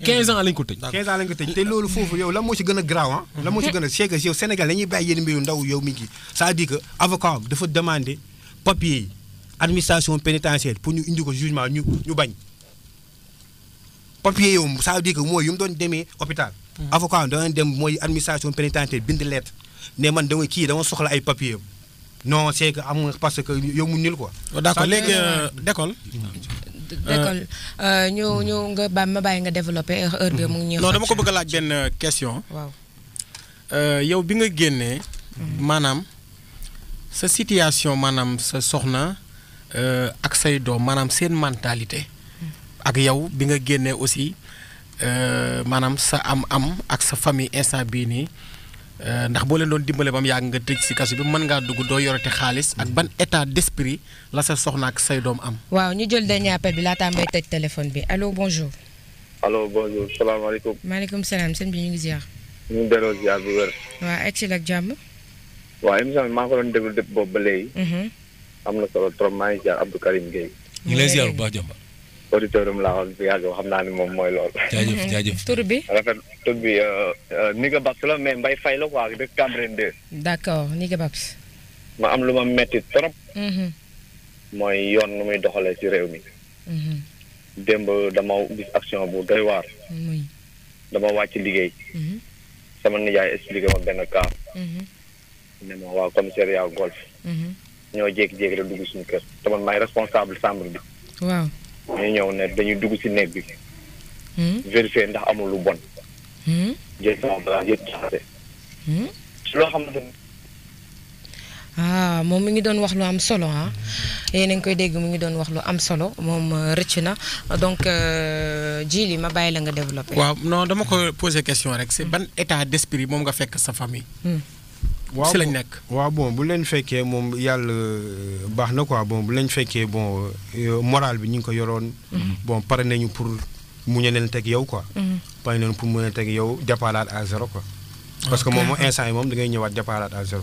15 ans lañ ko tëj 15 ans lañ ko tëj te loolu foofu yow la moo ci gën a grave ah la moo ci gën a c'est que yow Sénégal dañuy bàyyi yéen mbiru ndaw yow mi ngi c'est-à-dire que avocat dafa demander papier yi administration pénitentiaire pour ñu indi ko jugement ñu ñu bañ papier yow ça veut dire que mooy yu mu doon demee hôpital mm-hmm. avocat doon dem mooy administration pénitentiaire bind lettre ne man dama kii dama soxla ay papier am non c'est que am parce que yow mu nul quoi. d'accord léegi euh, d'école. d'école ñu euh, ñu hmm. nga ba ma bàyyi nga développé heure bi hmm. mu ngi ñëw. non dama ko bëgg a laaj benn euh, question. waaw yow bi nga génnee. Hmm. maanaam sa situation maanaam sa soxna ak say doom maanaam seen mentalité. ak yow bi nga génnee aussi maanaam sa am-am ak sa famille instant bii nii. Euh, ndax boo leen doon dimbale ba mu yàgg nga tëj si kaso bi mën ngaa dugg doo yorete xaalis ak ban état d'esprit la sa soxna ak say doom am. waaw ñu jël dernier appel bi laataa may tëj téléphone bi allo bonjour. allo bonjour salaamaaleykum. maaleykum salaam sëñ bi ñu ngi ziar. ñu ngi delloo ziar bu wér. waaw egg si la ak jàmm. waaw émission bi maa ngi ko doon déglu dëpp boobu léegi. Mhm. am na solo trop maa ngi ziar Abdou Karim Gueye. ñu ngi lay ziar bu baax auditeur am laa xool bi moom mooy loolu. Mhm. tur bi. rafet tur bi euh, euh, Niga Babs la mais Mbaye Faye la quoi dëkk Cambérène 2. d'accord Niga Babs. ma am lu ma metti trop. Mhm. mooy yoon nu muy doxalee ci réew mi. Mhm. démb dama gis action bu doy waar. dama wàcc liggéey. sama nijaay expliqué ma benn cas. ne ma waa commissariat golf. ñoo jékki-jékki la dugg suñu kër te man maay responsable chambre bi. waaw. ñu ñëw ne dañuy dugg ci néeg bi. Hmm? vérifier ndax amul lu bon. Hmm? jël sama hmm? loo xamante ni. ah moom mi ngi doon wax lu am solo ah yéen koy dégg mu ngi doon wax lu am solo moom euh, rëcc na donc euh, Djily ma bàyyi la nga développé. waaw non dama ko poser question rek c'est ban état d'esprit moom nga fekk sa famille. si lañ nekk waaw bon bu leen fekkee moom yàlla euh, baax na ko bon bu leen fekkee bon euh, moral bi ñu ngi ko yoroon. Mhm. bon pare nañu pour mu ñu leen teg yow quoi. Mhm. pare nañu pour mu ñu leen teg yow départ à zéro quoi. parce que moom instant yi moom da ngay ñëwaat départ à zéro.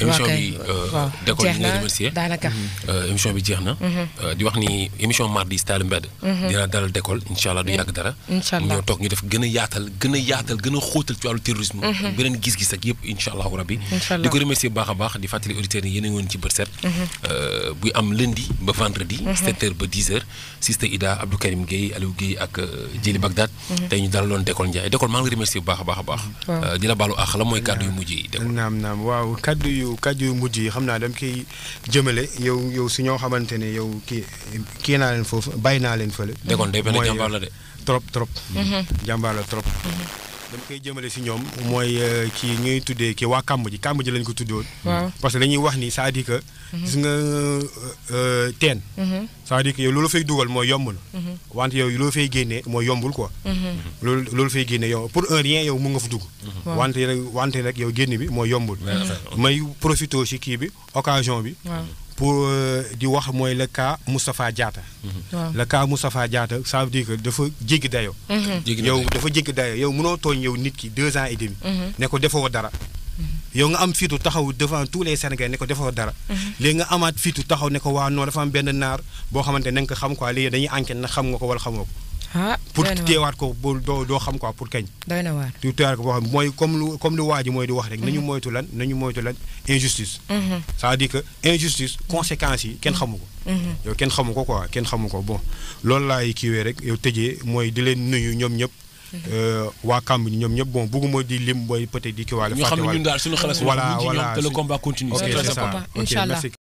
émission bi euh, euh, d'accord ñu ngi remercier daanaka euh, émission bi jeex na mhm. di wax ni émission mardi style mbedd mhm. dina dalal décolle incha allah du yàgg dara ñoo toog ñu def gën a yaatal gën a yaatal gën a xóotal ci wàllu terrorisme mhm. beneen gis-gis ak yëpp rabbi di ko remercier baax a baax di fàttali auditeurs yi yéen a woon ci bët set buy am lundi ba vendredi sept heures ba dix heures Sista Ida Abdou Karim Gueye Aliou ak Jëli Bagdad tey ñu dalaloon décolle Ndiaye décolle maa ngi remercier baax a baax a baax di la baalu ax la mooy kàddu yu mujj yi naam naam waaw kàddu yu mujj yi xam naa dama koy jëmale yow yow si ñoo xamante ne yow kii kii naa leen foofu bàyyi naa leen fële. de kon day benn jàmbaar la de. trop trop. Mm-hmm. jàmbaar la trop. Mm-hmm. dama koy jëmale si ñoom mooy euh, ci ñuy tuddee ki waa kàmb ji kàmb ji lañ ko tuddoon. parce que dañuy wax ni c'est-à-dire que. Mhm. gis nga euh, euh, teen. Mhm. c'est-à-dire que yow loolu fay dugal mooy yomb na. Mhm. wante yow loolu fay génnee mooy yombul quoi. loolu loolu fay génne yow pour un rien yow mun nga fa dugg. wante rek rek yow génn bi mooy yombul. may profité si kii bi occasion bi. pour euh, di wax le cas Moustapha Diatta. Mhm. le cas Moustapha Diatta ça veut dire que dafa dayo mhm. yow dafa dayo yow togn yow deux ans et demi. Mhm. dara. yow nga am taxaw devant tous les Sénégalais ne non dafa am quoi pour teewaat ko do do xam quoi pour kañ. doyna na tu pour ko boo xam mooy comme lu comme lu waa moy di wax rek. nañu mhm. moytu lan nañu moytu lan injustice. ça mhm. veut dire que injustice mhm. conséquences yi kenn xamuko ko. yow kenn xamu ko quoi kenn xamuko bon bon loolu laay kiiwee rek yow tejé moy di len nuyu ñom ñoom ñëpp. Euh, waa Kamb ñom ñëpp bon bëgguma di lim boy peut-être di. kiiwaale fàtte wala ñu xam ne ñun dal suñu xel. wala wala te le combat continue. c'est très important ok merci.